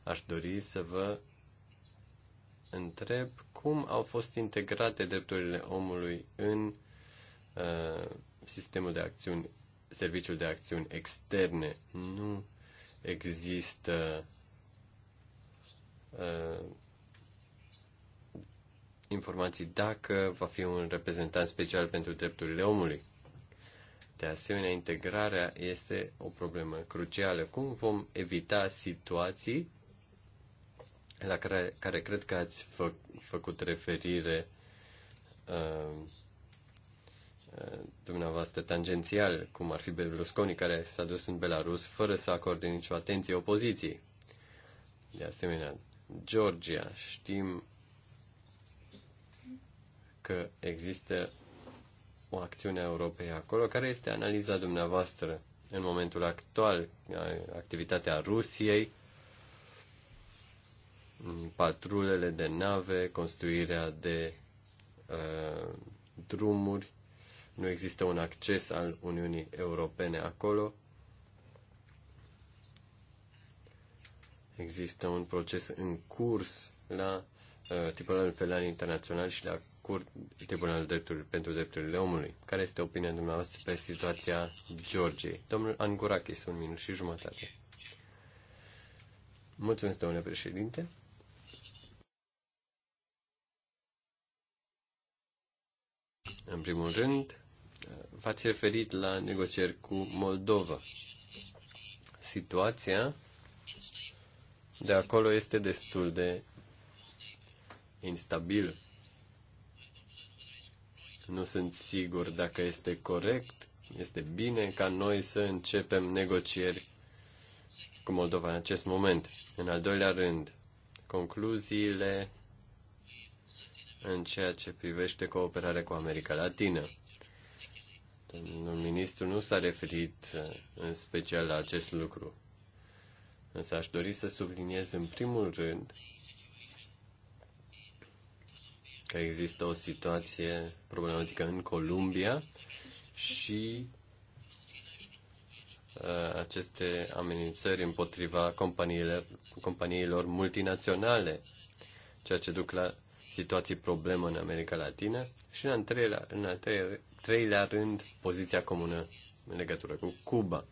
Aș dori să vă întreb cum au fost integrate drepturile omului în uh, sistemul de acțiuni, serviciul de acțiuni externe. Nu există uh, informații dacă va fi un reprezentant special pentru drepturile omului. De asemenea, integrarea este o problemă crucială. Cum vom evita situații la care, care cred că ați fă, făcut referire uh, uh, dumneavoastră tangențial, cum ar fi Berlusconi, care s-a dus în Belarus fără să acorde nicio atenție opoziției. De asemenea, Georgia. Știm că există o acțiune a Europei acolo. Care este analiza dumneavoastră în momentul actual, activitatea Rusiei, patrulele de nave, construirea de uh, drumuri, nu există un acces al Uniunii Europene acolo Există un proces în curs la uh, Tribunalul Penal Internațional și la Curt, Tribunalul Drepturi, pentru Drepturile Omului. Care este opinia dumneavoastră pe situația Georgiei? Domnul Angurakis, un minut și jumătate. Mulțumesc, domnule președinte. În primul rând, v-ați referit la negocieri cu Moldova. Situația de acolo este destul de instabil. Nu sunt sigur dacă este corect, este bine ca noi să începem negocieri cu Moldova în acest moment. În al doilea rând, concluziile în ceea ce privește cooperarea cu America Latină. Domnul ministru nu s-a referit uh, în special la acest lucru. Însă aș dori să subliniez în primul rând că există o situație problematică în Columbia și uh, aceste amenințări împotriva companiilor, companiilor multinaționale, ceea ce duc la situații problemă în America Latină și, în al treilea, în al treilea, treilea rând, poziția comună în legătură cu Cuba.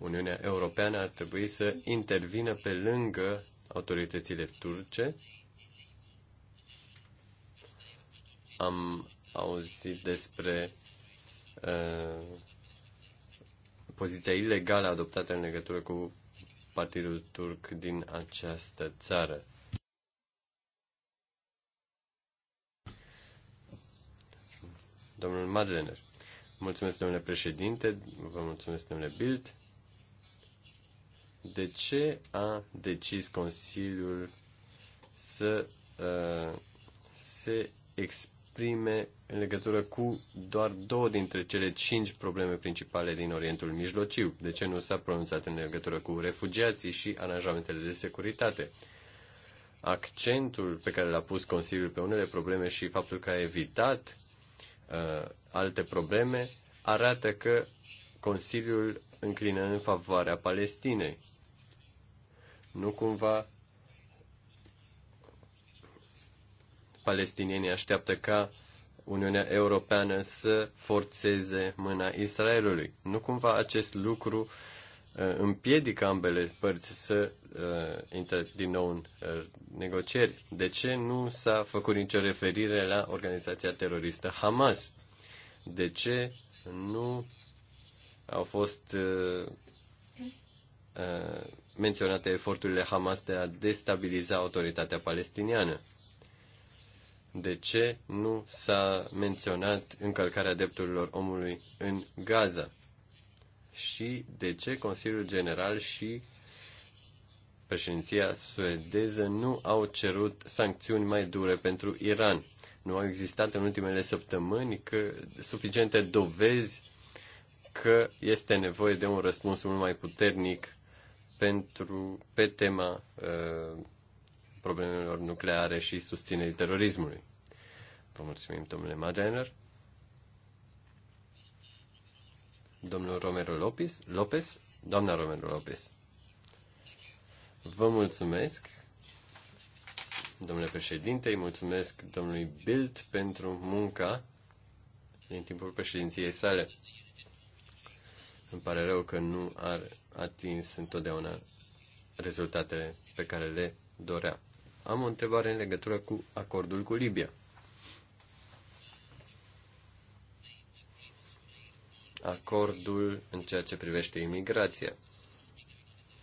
Uniunea Europeană ar trebui să intervină pe lângă autoritățile turce. Am auzit despre uh, poziția ilegală adoptată în legătură cu Partidul Turc din această țară. Domnul Madlener. Mulțumesc, domnule președinte, vă mulțumesc, domnule Bild de ce a decis Consiliul să uh, se exprime în legătură cu doar două dintre cele cinci probleme principale din Orientul Mijlociu? De ce nu s-a pronunțat în legătură cu refugiații și aranjamentele de securitate? Accentul pe care l-a pus Consiliul pe unele probleme și faptul că a evitat uh, alte probleme arată că Consiliul înclină în favoarea Palestinei. Nu cumva palestinienii așteaptă ca Uniunea Europeană să forțeze mâna Israelului. Nu cumva acest lucru uh, împiedică ambele părți să uh, intre din nou în uh, negocieri. De ce nu s-a făcut nicio referire la organizația teroristă Hamas? De ce nu au fost uh, uh, menționate eforturile Hamas de a destabiliza autoritatea palestiniană. De ce nu s-a menționat încălcarea drepturilor omului în Gaza? Și de ce Consiliul General și președinția suedeză nu au cerut sancțiuni mai dure pentru Iran? Nu au existat în ultimele săptămâni că suficiente dovezi că este nevoie de un răspuns mult mai puternic pentru, pe tema uh, problemelor nucleare și susținerii terorismului. Vă mulțumim, domnule Magener. Domnul Romero Lopez, Lopez, doamna Romero Lopez. Vă mulțumesc, domnule președinte, îi mulțumesc domnului Bild pentru munca din timpul președinției sale. Îmi pare rău că nu a atins întotdeauna rezultatele pe care le dorea. Am o întrebare în legătură cu acordul cu Libia. Acordul în ceea ce privește imigrația.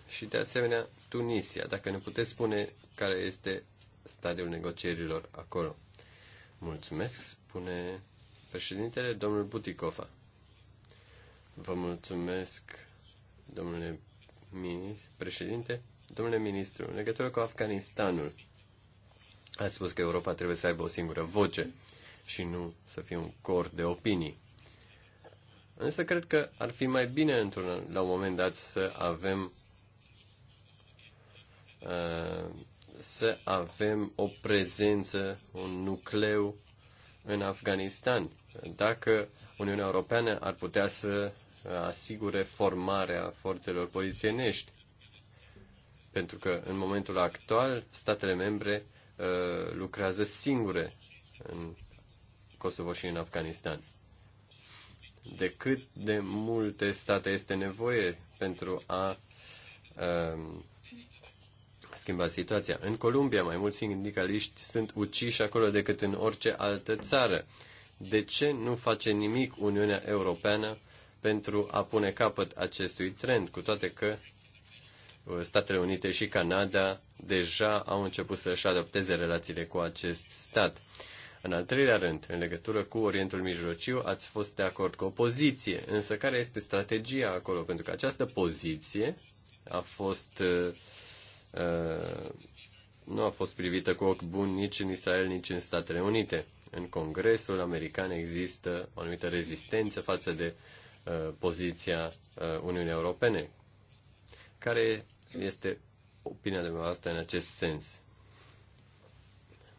Și de asemenea Tunisia, dacă ne puteți spune care este stadiul negocierilor acolo. Mulțumesc, spune președintele domnul Butikofa. Vă mulțumesc, domnule președinte. Domnule ministru, în legătură cu Afganistanul, ați spus că Europa trebuie să aibă o singură voce și nu să fie un cor de opinii. Însă cred că ar fi mai bine într-un, la un moment dat să avem uh, să avem o prezență, un nucleu în Afganistan. Dacă Uniunea Europeană ar putea să asigure formarea forțelor polițienești. Pentru că în momentul actual statele membre uh, lucrează singure în Kosovo și în Afganistan. De cât de multe state este nevoie pentru a uh, schimba situația? În Columbia mai mulți sindicaliști sunt uciși acolo decât în orice altă țară. De ce nu face nimic Uniunea Europeană pentru a pune capăt acestui trend, cu toate că uh, Statele Unite și Canada deja au început să-și adopteze relațiile cu acest stat. În al treilea rând, în legătură cu Orientul Mijlociu, ați fost de acord cu o poziție, însă care este strategia acolo? Pentru că această poziție a fost, uh, uh nu a fost privită cu ochi bun nici în Israel, nici în Statele Unite. În Congresul American există o anumită rezistență față de uh, Uh, poziția uh, Uniunii Europene. Care este opinia dumneavoastră în acest sens?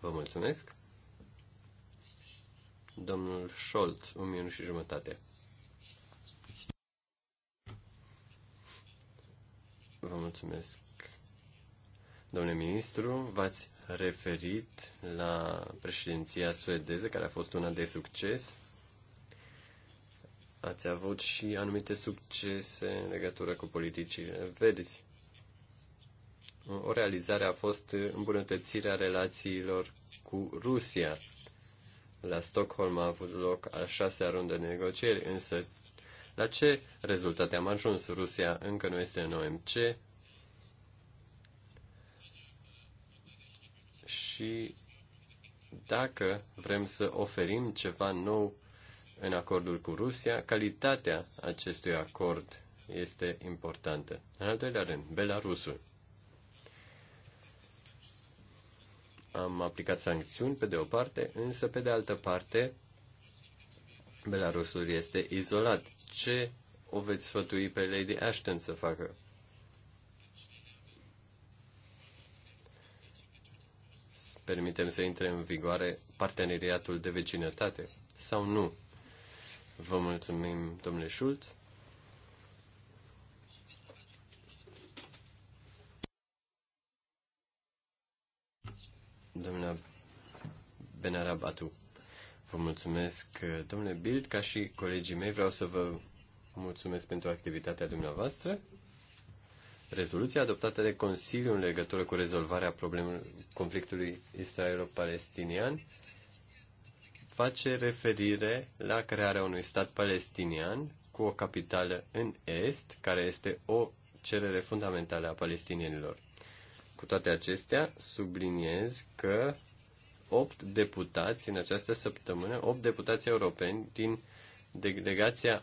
Vă mulțumesc. Domnul Scholz, un minut și jumătate. Vă mulțumesc. Domnule ministru, v-ați referit la președinția suedeză, care a fost una de succes ați avut și anumite succese în legătură cu politicile Vedeți, O realizare a fost îmbunătățirea relațiilor cu Rusia. La Stockholm a avut loc a șasea rundă de negocieri, însă la ce rezultate am ajuns? Rusia încă nu este în OMC și dacă vrem să oferim ceva nou în acordul cu Rusia, calitatea acestui acord este importantă. În al doilea rând, Belarusul. Am aplicat sancțiuni pe de o parte, însă pe de altă parte Belarusul este izolat. Ce o veți sfătui pe Lady Ashton să facă? Permitem să intre în vigoare parteneriatul de vecinătate sau nu? Vă mulțumim, domnule Schulz. Domnule Benarabatu, vă mulțumesc, domnule Bild, ca și colegii mei, vreau să vă mulțumesc pentru activitatea dumneavoastră. Rezoluția adoptată de Consiliu în legătură cu rezolvarea problemului conflictului israelo-palestinian face referire la crearea unui stat palestinian cu o capitală în Est, care este o cerere fundamentală a palestinienilor. Cu toate acestea, subliniez că opt deputați în această săptămână, opt deputați europeni din delegația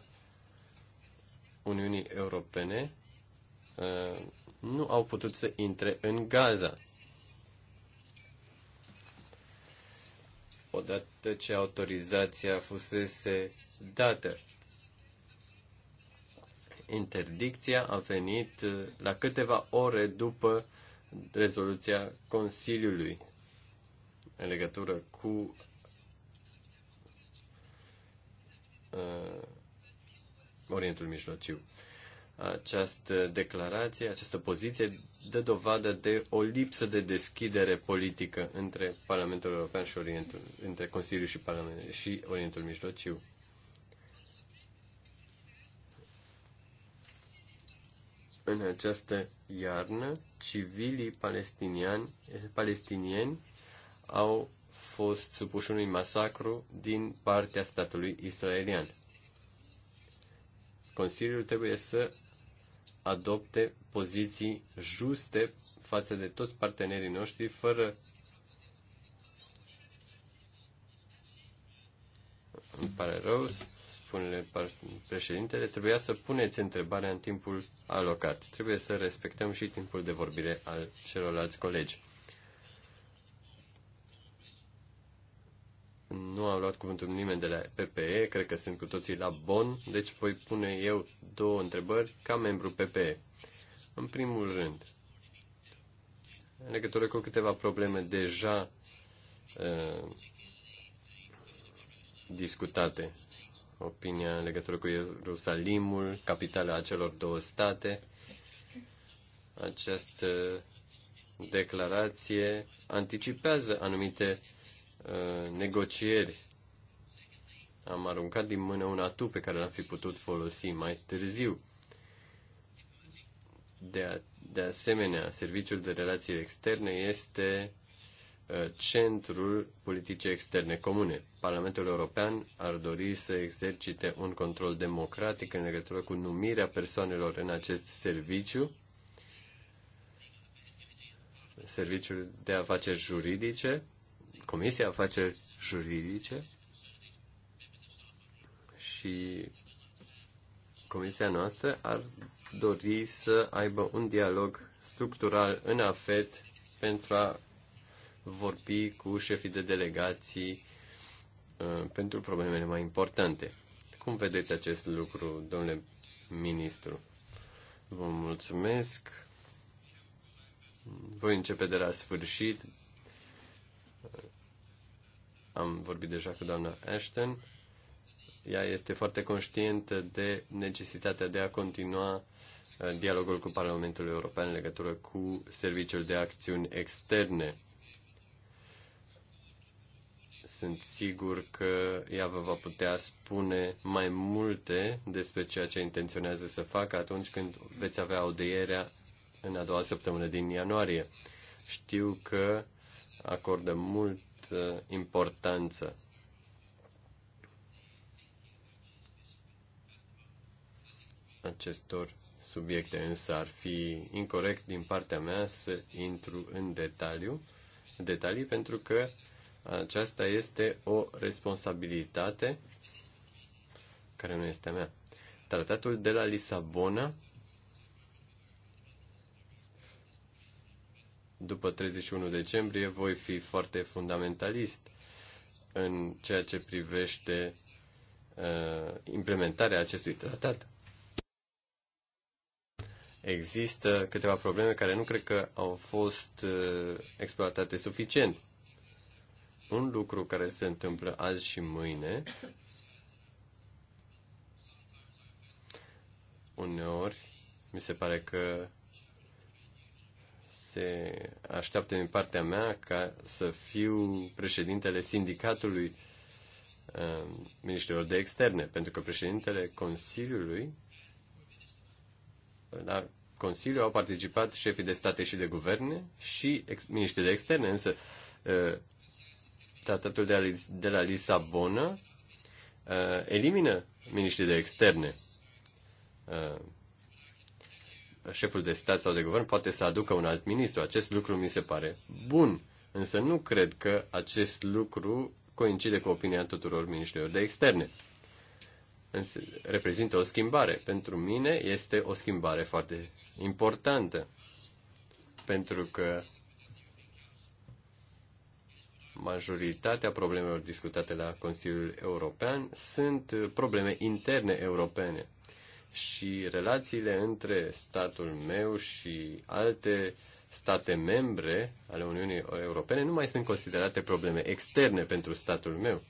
Uniunii Europene uh, nu au putut să intre în Gaza. odată ce autorizația fusese dată. Interdicția a venit uh, la câteva ore după rezoluția Consiliului în legătură cu uh, Orientul Mijlociu. Uh, această declarație, această poziție dă dovadă de o lipsă de deschidere politică între Parlamentul European și Orientul, între Consiliul și, Parlament, și Orientul Mijlociu. În această iarnă, civilii palestinieni, palestinieni au fost supuși unui masacru din partea statului israelian. Consiliul trebuie să adopte poziții juste față de toți partenerii noștri, fără Îmi pare rău, spune președintele, trebuia să puneți întrebarea în timpul alocat. Trebuie să respectăm și timpul de vorbire al celorlalți colegi. Nu am luat cuvântul nimeni de la PPE, cred că sunt cu toții la Bon, deci voi pune eu două întrebări ca membru PPE. În primul rând, în legătură cu câteva probleme deja uh, discutate, opinia în legătură cu Ierusalimul, capitala acelor două state, această declarație anticipează anumite Uh, negocieri. Am aruncat din mână un atu pe care l-am fi putut folosi mai târziu. De, a, de asemenea, Serviciul de Relații Externe este uh, centrul politicii externe comune. Parlamentul European ar dori să exercite un control democratic în legătură cu numirea persoanelor în acest serviciu, serviciul de afaceri juridice, Comisia Afaceri Juridice și Comisia noastră ar dori să aibă un dialog structural în AFET pentru a vorbi cu șefii de delegații uh, pentru problemele mai importante. Cum vedeți acest lucru, domnule ministru? Vă mulțumesc. Voi începe de la sfârșit. Am vorbit deja cu doamna Ashton. Ea este foarte conștientă de necesitatea de a continua uh, dialogul cu Parlamentul European în legătură cu serviciul de acțiuni externe. Sunt sigur că ea vă va putea spune mai multe despre ceea ce intenționează să facă atunci când veți avea audierea în a doua săptămână din ianuarie. Știu că acordă mult Uh, importanță. acestor subiecte, însă ar fi incorrect din partea mea să intru în detaliu, detalii pentru că aceasta este o responsabilitate care nu este a mea. Tratatul de la Lisabona după 31 decembrie voi fi foarte fundamentalist în ceea ce privește uh, implementarea acestui tratat. Există câteva probleme care nu cred că au fost uh, exploatate suficient. Un lucru care se întâmplă azi și mâine, uneori mi se pare că se așteaptă din partea mea ca să fiu președintele sindicatului uh, ministrilor de externe, pentru că președintele Consiliului, la Consiliu au participat șefii de state și de guverne și ex- de externe, însă uh, tratatul de la Lisabona uh, elimină miniștrii de externe șeful de stat sau de guvern poate să aducă un alt ministru. Acest lucru mi se pare bun, însă nu cred că acest lucru coincide cu opinia tuturor ministrilor de externe. Însă, reprezintă o schimbare. Pentru mine este o schimbare foarte importantă, pentru că majoritatea problemelor discutate la Consiliul European sunt probleme interne europene și relațiile între statul meu și alte state membre ale Uniunii Europene nu mai sunt considerate probleme externe pentru statul meu.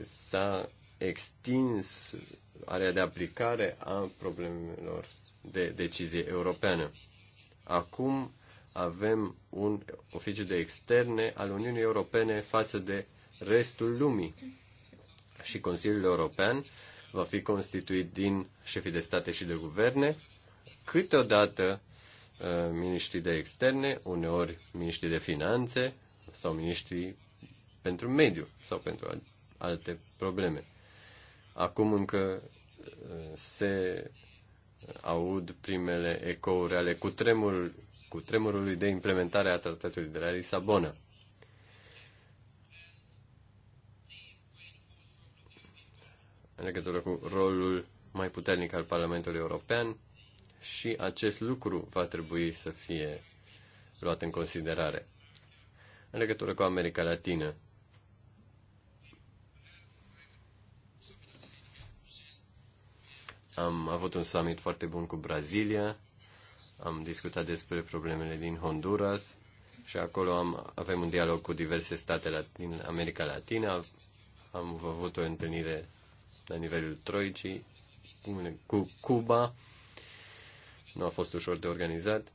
S-a extins area de aplicare a problemelor de decizie europeană. Acum avem un oficiu de externe al Uniunii Europene față de restul lumii. Și Consiliul European va fi constituit din șefii de state și de guverne, câteodată uh, miniștrii de externe, uneori miniștrii de finanțe sau miniștrii pentru mediu sau pentru alte probleme. Acum încă uh, se aud primele ecouri ale cutremurului, de implementare a tratatului de la Lisabona. în legătură cu rolul mai puternic al Parlamentului European și acest lucru va trebui să fie luat în considerare în legătură cu America Latină. Am avut un summit foarte bun cu Brazilia, am discutat despre problemele din Honduras și acolo am, avem un dialog cu diverse state din America Latină, am avut o întâlnire la nivelul Troicii, cu Cuba. Nu a fost ușor de organizat.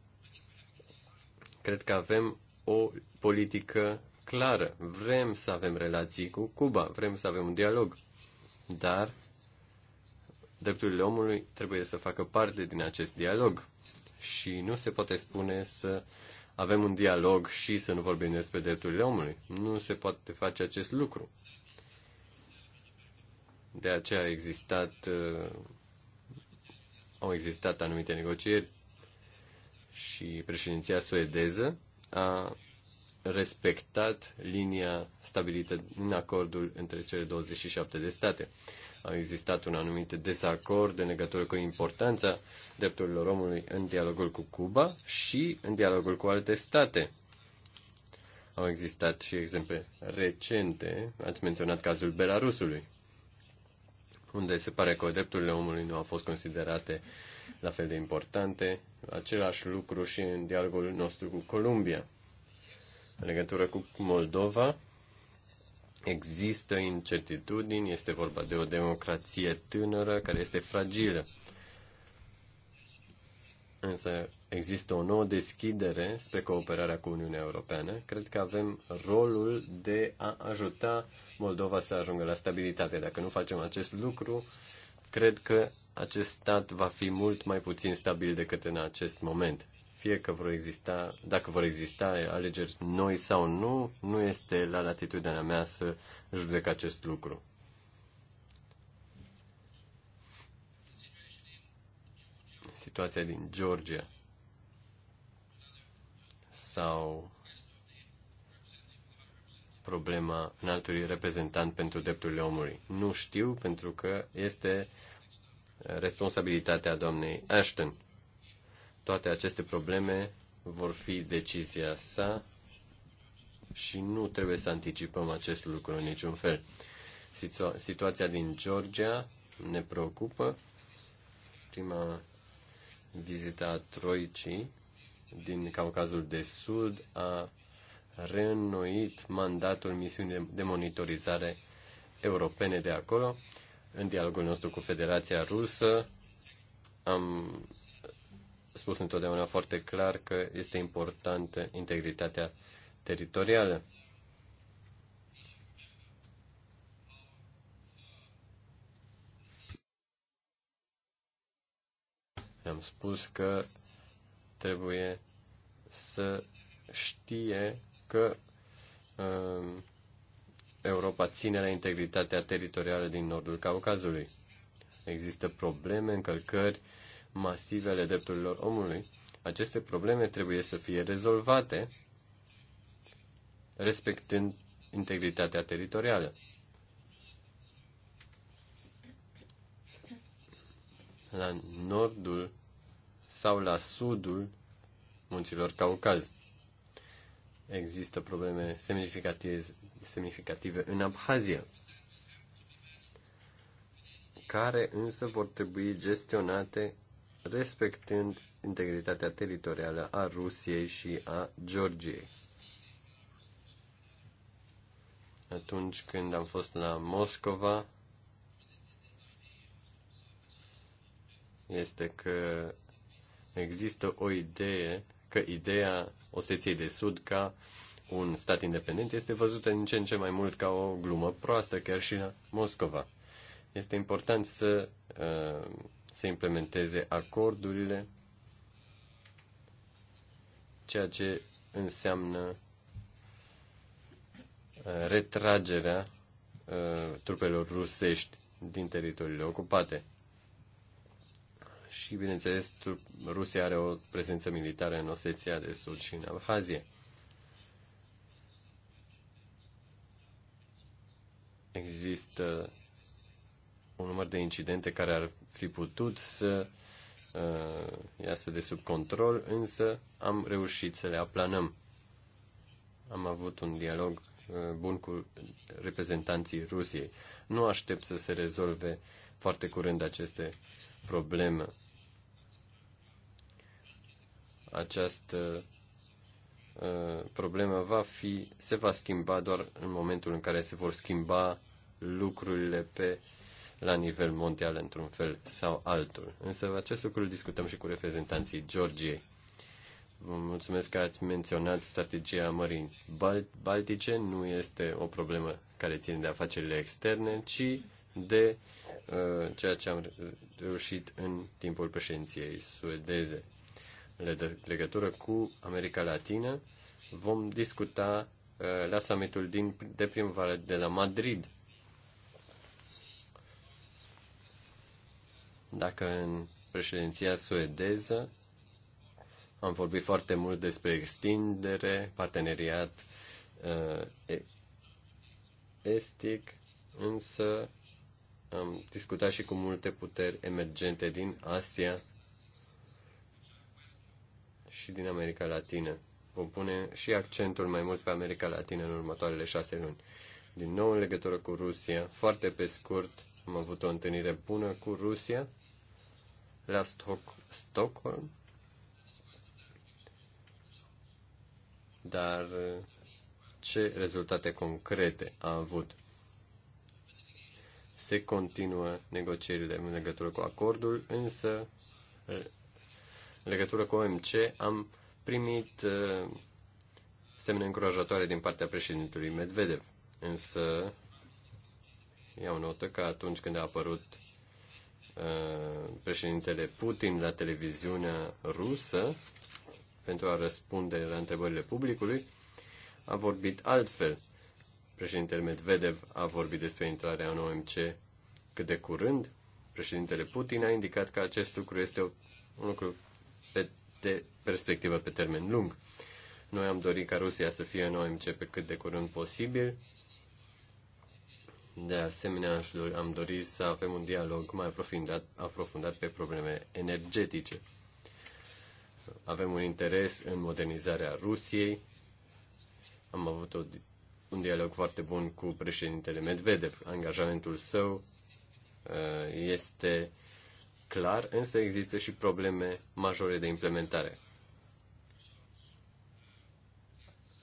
Cred că avem o politică clară. Vrem să avem relații cu Cuba, vrem să avem un dialog, dar drepturile omului trebuie să facă parte din acest dialog și nu se poate spune să avem un dialog și să nu vorbim despre drepturile omului. Nu se poate face acest lucru. De aceea a existat, uh, au existat anumite negocieri și președinția suedeză a respectat linia stabilită în acordul între cele 27 de state. A existat un anumit dezacord în legătură cu importanța drepturilor omului în dialogul cu Cuba și în dialogul cu alte state. Au existat și exemple recente, ați menționat cazul Belarusului unde se pare că drepturile omului nu au fost considerate la fel de importante. Același lucru și în dialogul nostru cu Columbia. În legătură cu Moldova, există incertitudini, este vorba de o democrație tânără care este fragilă. Însă există o nouă deschidere spre cooperarea cu Uniunea Europeană. Cred că avem rolul de a ajuta uh, Moldova să ajungă la stabilitate. Dacă nu facem acest lucru, cred că acest stat va fi mult mai puțin stabil decât în acest moment. Fie că vor exista, dacă vor exista alegeri noi sau nu, nu este la latitudinea mea să judec acest lucru. Situația din Georgia sau problema înaltului reprezentant pentru drepturile omului. Nu știu pentru că este responsabilitatea doamnei Ashton. Toate aceste probleme vor fi decizia sa și nu trebuie să anticipăm acest lucru în niciun fel. Situa- situația din Georgia ne preocupă. Prima vizită a Troicii din Caucazul de Sud a reînnoit mandatul misiunii de monitorizare europene de acolo. În dialogul nostru cu Federația Rusă am spus întotdeauna foarte clar că este importantă integritatea teritorială. am spus că trebuie să știe că uh, Europa ține la integritatea teritorială din nordul Caucazului. Există probleme, încălcări masive ale drepturilor omului. Aceste probleme trebuie să fie rezolvate respectând integritatea teritorială. La nordul sau la sudul munților Caucazului. Există probleme semnificative, semnificative în Abhazia, care însă vor trebui gestionate respectând integritatea teritorială a Rusiei și a Georgiei. Atunci când am fost la Moscova, este că există o idee că ideea Oseției de Sud ca un stat independent este văzută din ce în ce mai mult ca o glumă proastă, chiar și la Moscova. Este important să uh, se implementeze acordurile, ceea ce înseamnă uh, retragerea uh, trupelor rusești din teritoriile ocupate și, bineînțeles, Rusia are o prezență militară în Oseția de Sud și în Abhazie. Există un număr de incidente care ar fi putut să uh, iasă de sub control, însă am reușit să le aplanăm. Am avut un dialog uh, bun cu reprezentanții Rusiei. Nu aștept să se rezolve foarte curând aceste probleme această uh, problemă va fi, se va schimba doar în momentul în care se vor schimba lucrurile pe la nivel mondial într-un fel sau altul. Însă acest lucru îl discutăm și cu reprezentanții Georgiei. Vă mulțumesc că ați menționat strategia Mării Baltice. Nu este o problemă care ține de afacerile externe, ci de uh, ceea ce am reușit în timpul președinției suedeze legătură cu America Latină vom discuta uh, la summitul din, de primăvară de la Madrid. Dacă în președinția suedeză am vorbit foarte mult despre extindere, parteneriat uh, estic, însă am discutat și cu multe puteri emergente din Asia și din America Latină. Vom pune și accentul mai mult pe America Latină în următoarele șase luni. Din nou în legătură cu Rusia, foarte pe scurt, am avut o întâlnire bună cu Rusia la Stoc- Stockholm, dar ce rezultate concrete a avut? Se continuă negocierile în legătură cu acordul, însă în legătură cu OMC am primit uh, semne încurajatoare din partea președintelui Medvedev, însă iau notă că atunci când a apărut uh, președintele Putin la televiziunea rusă pentru a răspunde la întrebările publicului, a vorbit altfel. Președintele Medvedev a vorbit despre intrarea în OMC cât de curând. Președintele Putin a indicat că acest lucru este un lucru pe de perspectivă pe termen lung. Noi am dorit ca Rusia să fie în OMC pe cât de curând posibil. De asemenea, am dorit să avem un dialog mai aprofundat, aprofundat pe probleme energetice. Avem un interes în modernizarea Rusiei. Am avut o, un dialog foarte bun cu președintele Medvedev. Angajamentul său uh, este clar, însă există și probleme majore de implementare.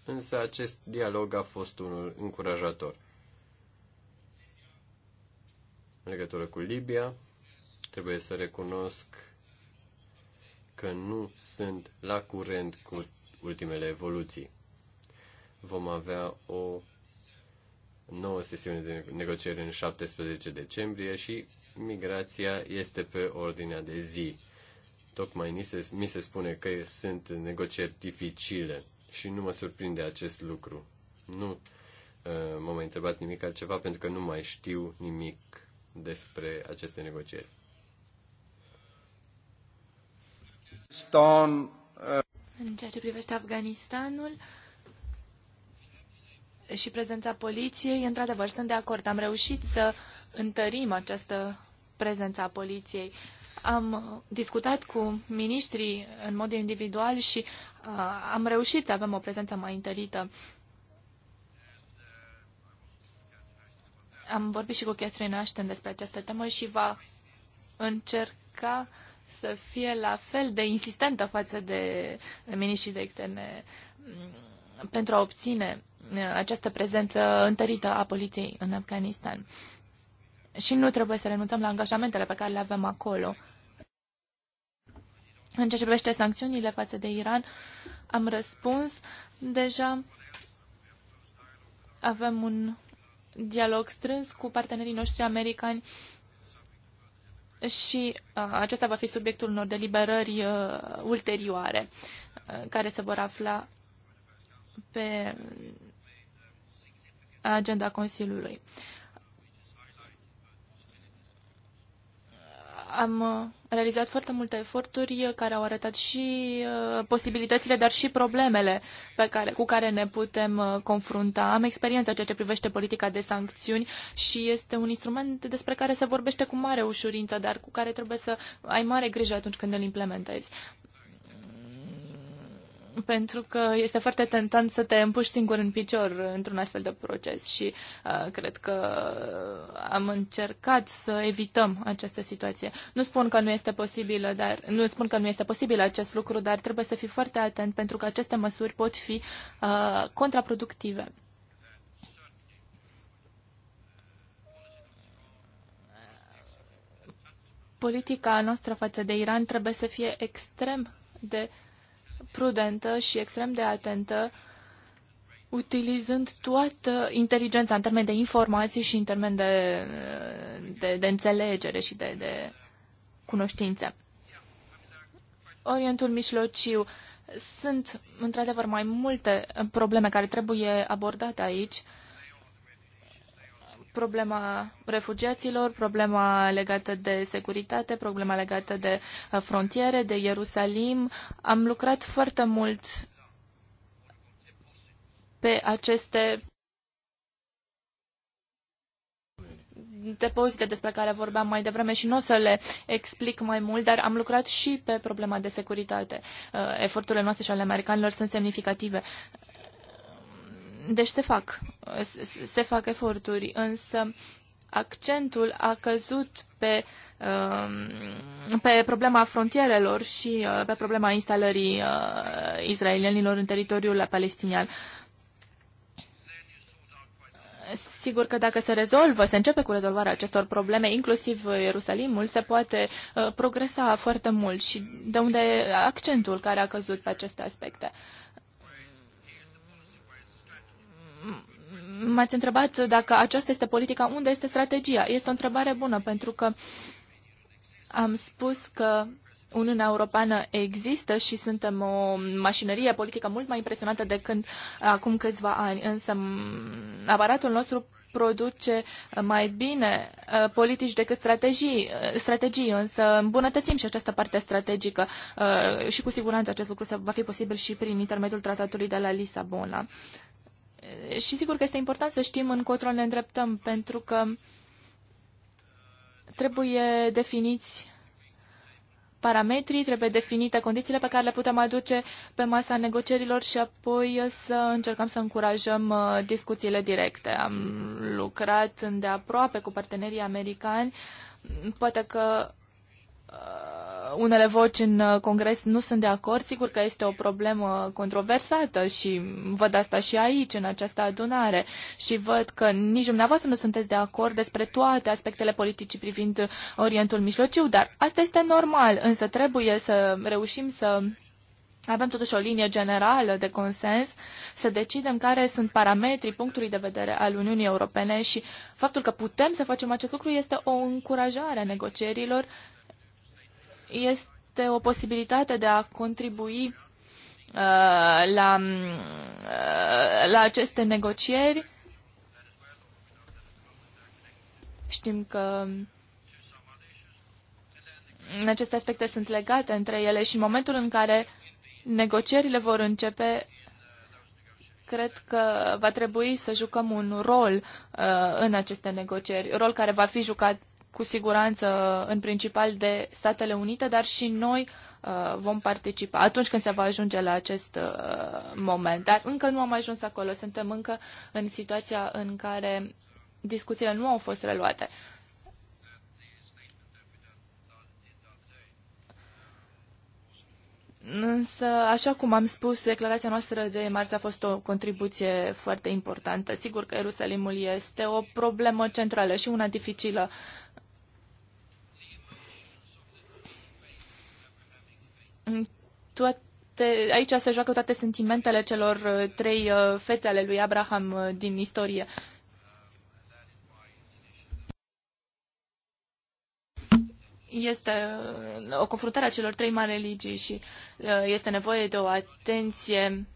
Însă acest dialog a fost unul încurajator. În legătură cu Libia, trebuie să recunosc că nu sunt la curent cu ultimele evoluții. Vom avea o nouă sesiune de negocieri în 17 decembrie și migrația este pe ordinea de zi. Tocmai mi se, mi se spune că sunt negocieri dificile și nu mă surprinde acest lucru. Nu uh, mă mai întrebați nimic altceva pentru că nu mai știu nimic despre aceste negocieri. Stone, uh... În ceea ce privește Afganistanul și prezența poliției, într-adevăr, sunt de acord. Am reușit să uh, întărim această prezență a poliției. Am discutat cu miniștrii în mod individual și uh, am reușit să avem o prezență mai întărită. Am vorbit și cu Catherine Ashton despre această temă și va încerca să fie la fel de insistentă față de miniștrii de externe mm, pentru a obține uh, această prezență întărită a poliției în Afganistan și nu trebuie să renunțăm la angajamentele pe care le avem acolo. În ceea ce privește sancțiunile față de Iran, am răspuns deja. Avem un dialog strâns cu partenerii noștri americani și uh, acesta va fi subiectul unor deliberări uh, ulterioare uh, care se vor afla pe agenda Consiliului. Uh, am uh, realizat foarte multe eforturi uh, care au arătat și uh, posibilitățile, dar și problemele pe care, cu care ne putem confrunta. Am experiența ceea ce privește politica de sancțiuni și este un instrument despre care se vorbește cu mare ușurință, dar cu care trebuie să ai mare grijă atunci când îl implementezi pentru că este foarte tentant să te împuști singur în picior într-un astfel de proces și uh, cred că uh, am încercat să evităm această situație. Nu spun că nu este posibilă, dar nu spun că nu este posibil acest lucru, dar trebuie să fii foarte atent pentru că aceste măsuri pot fi uh, contraproductive. Politica noastră față de Iran trebuie să fie extrem de uh, prudentă și extrem de atentă, utilizând toată inteligența în termen de informații și în termen de, de, de înțelegere și de, de cunoștințe. Orientul mișlociu Sunt, într-adevăr, mai multe probleme care trebuie abordate aici problema refugiaților, problema legată de securitate, problema legată de uh, frontiere, de Ierusalim. Am lucrat foarte mult pe aceste depozite despre care vorbeam mai devreme și nu o să le explic mai mult, dar am lucrat și pe problema de securitate. Uh, eforturile noastre și ale americanilor sunt semnificative deci se fac, se fac eforturi, însă accentul a căzut pe, um, pe problema frontierelor și uh, pe problema instalării uh, izraelienilor în teritoriul palestinian. Sigur că dacă se rezolvă, se începe cu rezolvarea acestor probleme, inclusiv Ierusalimul, se poate uh, progresa foarte mult și de unde accentul care a căzut pe aceste aspecte. m-ați întrebat dacă aceasta este politica, unde este strategia? Este o întrebare bună, pentru că am spus că Uniunea Europeană există și suntem o mașinărie politică mult mai impresionată de când acum câțiva ani, însă aparatul nostru produce mai bine ă, politici decât strategii, ă, strategii, însă îmbunătățim și această parte strategică ă, și cu siguranță acest lucru va fi posibil și prin intermediul tratatului de la Lisabona. Și sigur că este important să știm încotro ne îndreptăm, pentru că trebuie definiți parametrii, trebuie definite condițiile pe care le putem aduce pe masa negocierilor și apoi să încercăm să încurajăm uh, discuțiile directe. Am lucrat îndeaproape cu partenerii americani, poate că uh, unele voci în uh, Congres nu sunt de acord. Sigur că este o problemă controversată și văd asta și aici, în această adunare. Și văd că nici dumneavoastră nu sunteți de acord despre toate aspectele politicii privind Orientul Mijlociu, dar asta este normal. Însă trebuie să reușim să avem totuși o linie generală de consens, să decidem care sunt parametrii punctului de vedere al Uniunii Europene și faptul că putem să facem acest lucru este o încurajare a negocierilor este o posibilitate de a contribui uh, la, uh, la aceste negocieri. Știm că aceste aspecte sunt legate între ele și în momentul în care negocierile vor începe, cred că va trebui să jucăm un rol uh, în aceste negocieri, rol care va fi jucat cu siguranță în principal de Statele Unite, dar și noi uh, vom participa atunci când se va ajunge la acest uh, moment. Dar încă nu am ajuns acolo, suntem încă în situația în care discuțiile nu au fost reluate. Însă, așa cum am spus, declarația noastră de marți a fost o contribuție foarte importantă. Sigur că Ierusalimul este o problemă centrală și una dificilă toate, aici se joacă toate sentimentele celor uh, trei uh, fete ale lui Abraham uh, din istorie. Este o confruntare a celor trei mari religii și este nevoie de o atenție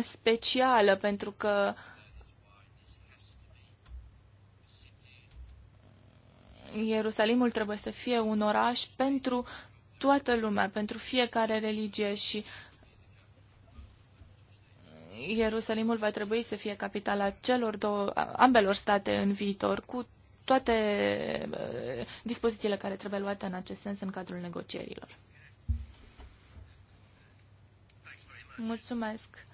specială pentru că uh, Ierusalimul trebuie să fie un oraș pentru toată lumea, pentru fiecare religie și Ierusalimul va trebui să fie capitala celor două, ambelor state în viitor, cu toate dispozițiile care trebuie luate în acest sens în cadrul negocierilor. Mulțumesc,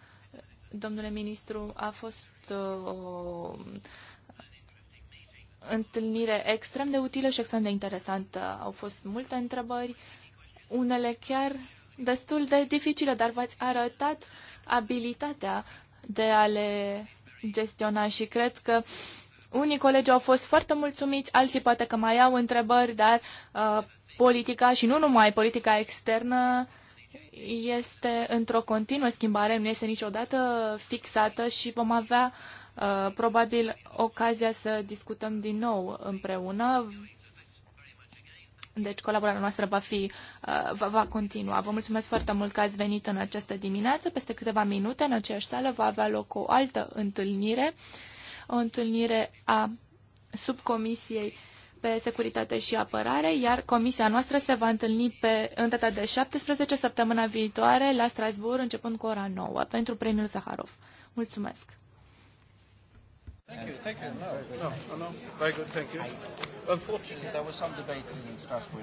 domnule ministru. A fost uh, o întâlnire extrem de utilă și extrem de interesantă. Au fost multe întrebări, unele chiar destul de dificile, dar v-ați arătat abilitatea de a le gestiona și cred că unii colegi au fost foarte mulțumiți, alții poate că mai au întrebări, dar uh, politica și nu numai politica externă este într-o continuă schimbare, nu este niciodată fixată și vom avea uh, Uh, probabil ocazia să discutăm din nou împreună. Deci colaborarea noastră va, fi, uh, va, va continua. Vă mulțumesc foarte mult că ați venit în această dimineață. Peste câteva minute, în aceeași sală, va avea loc o altă întâlnire, o întâlnire a subcomisiei pe securitate și apărare, iar comisia noastră se va întâlni pe, în data de 17 săptămâna viitoare la Strasbourg, începând cu ora 9, pentru premiul Zaharov. Mulțumesc! Thank you, thank you. No, no, no. Very good, thank you. Unfortunately, there were some debates in Strasbourg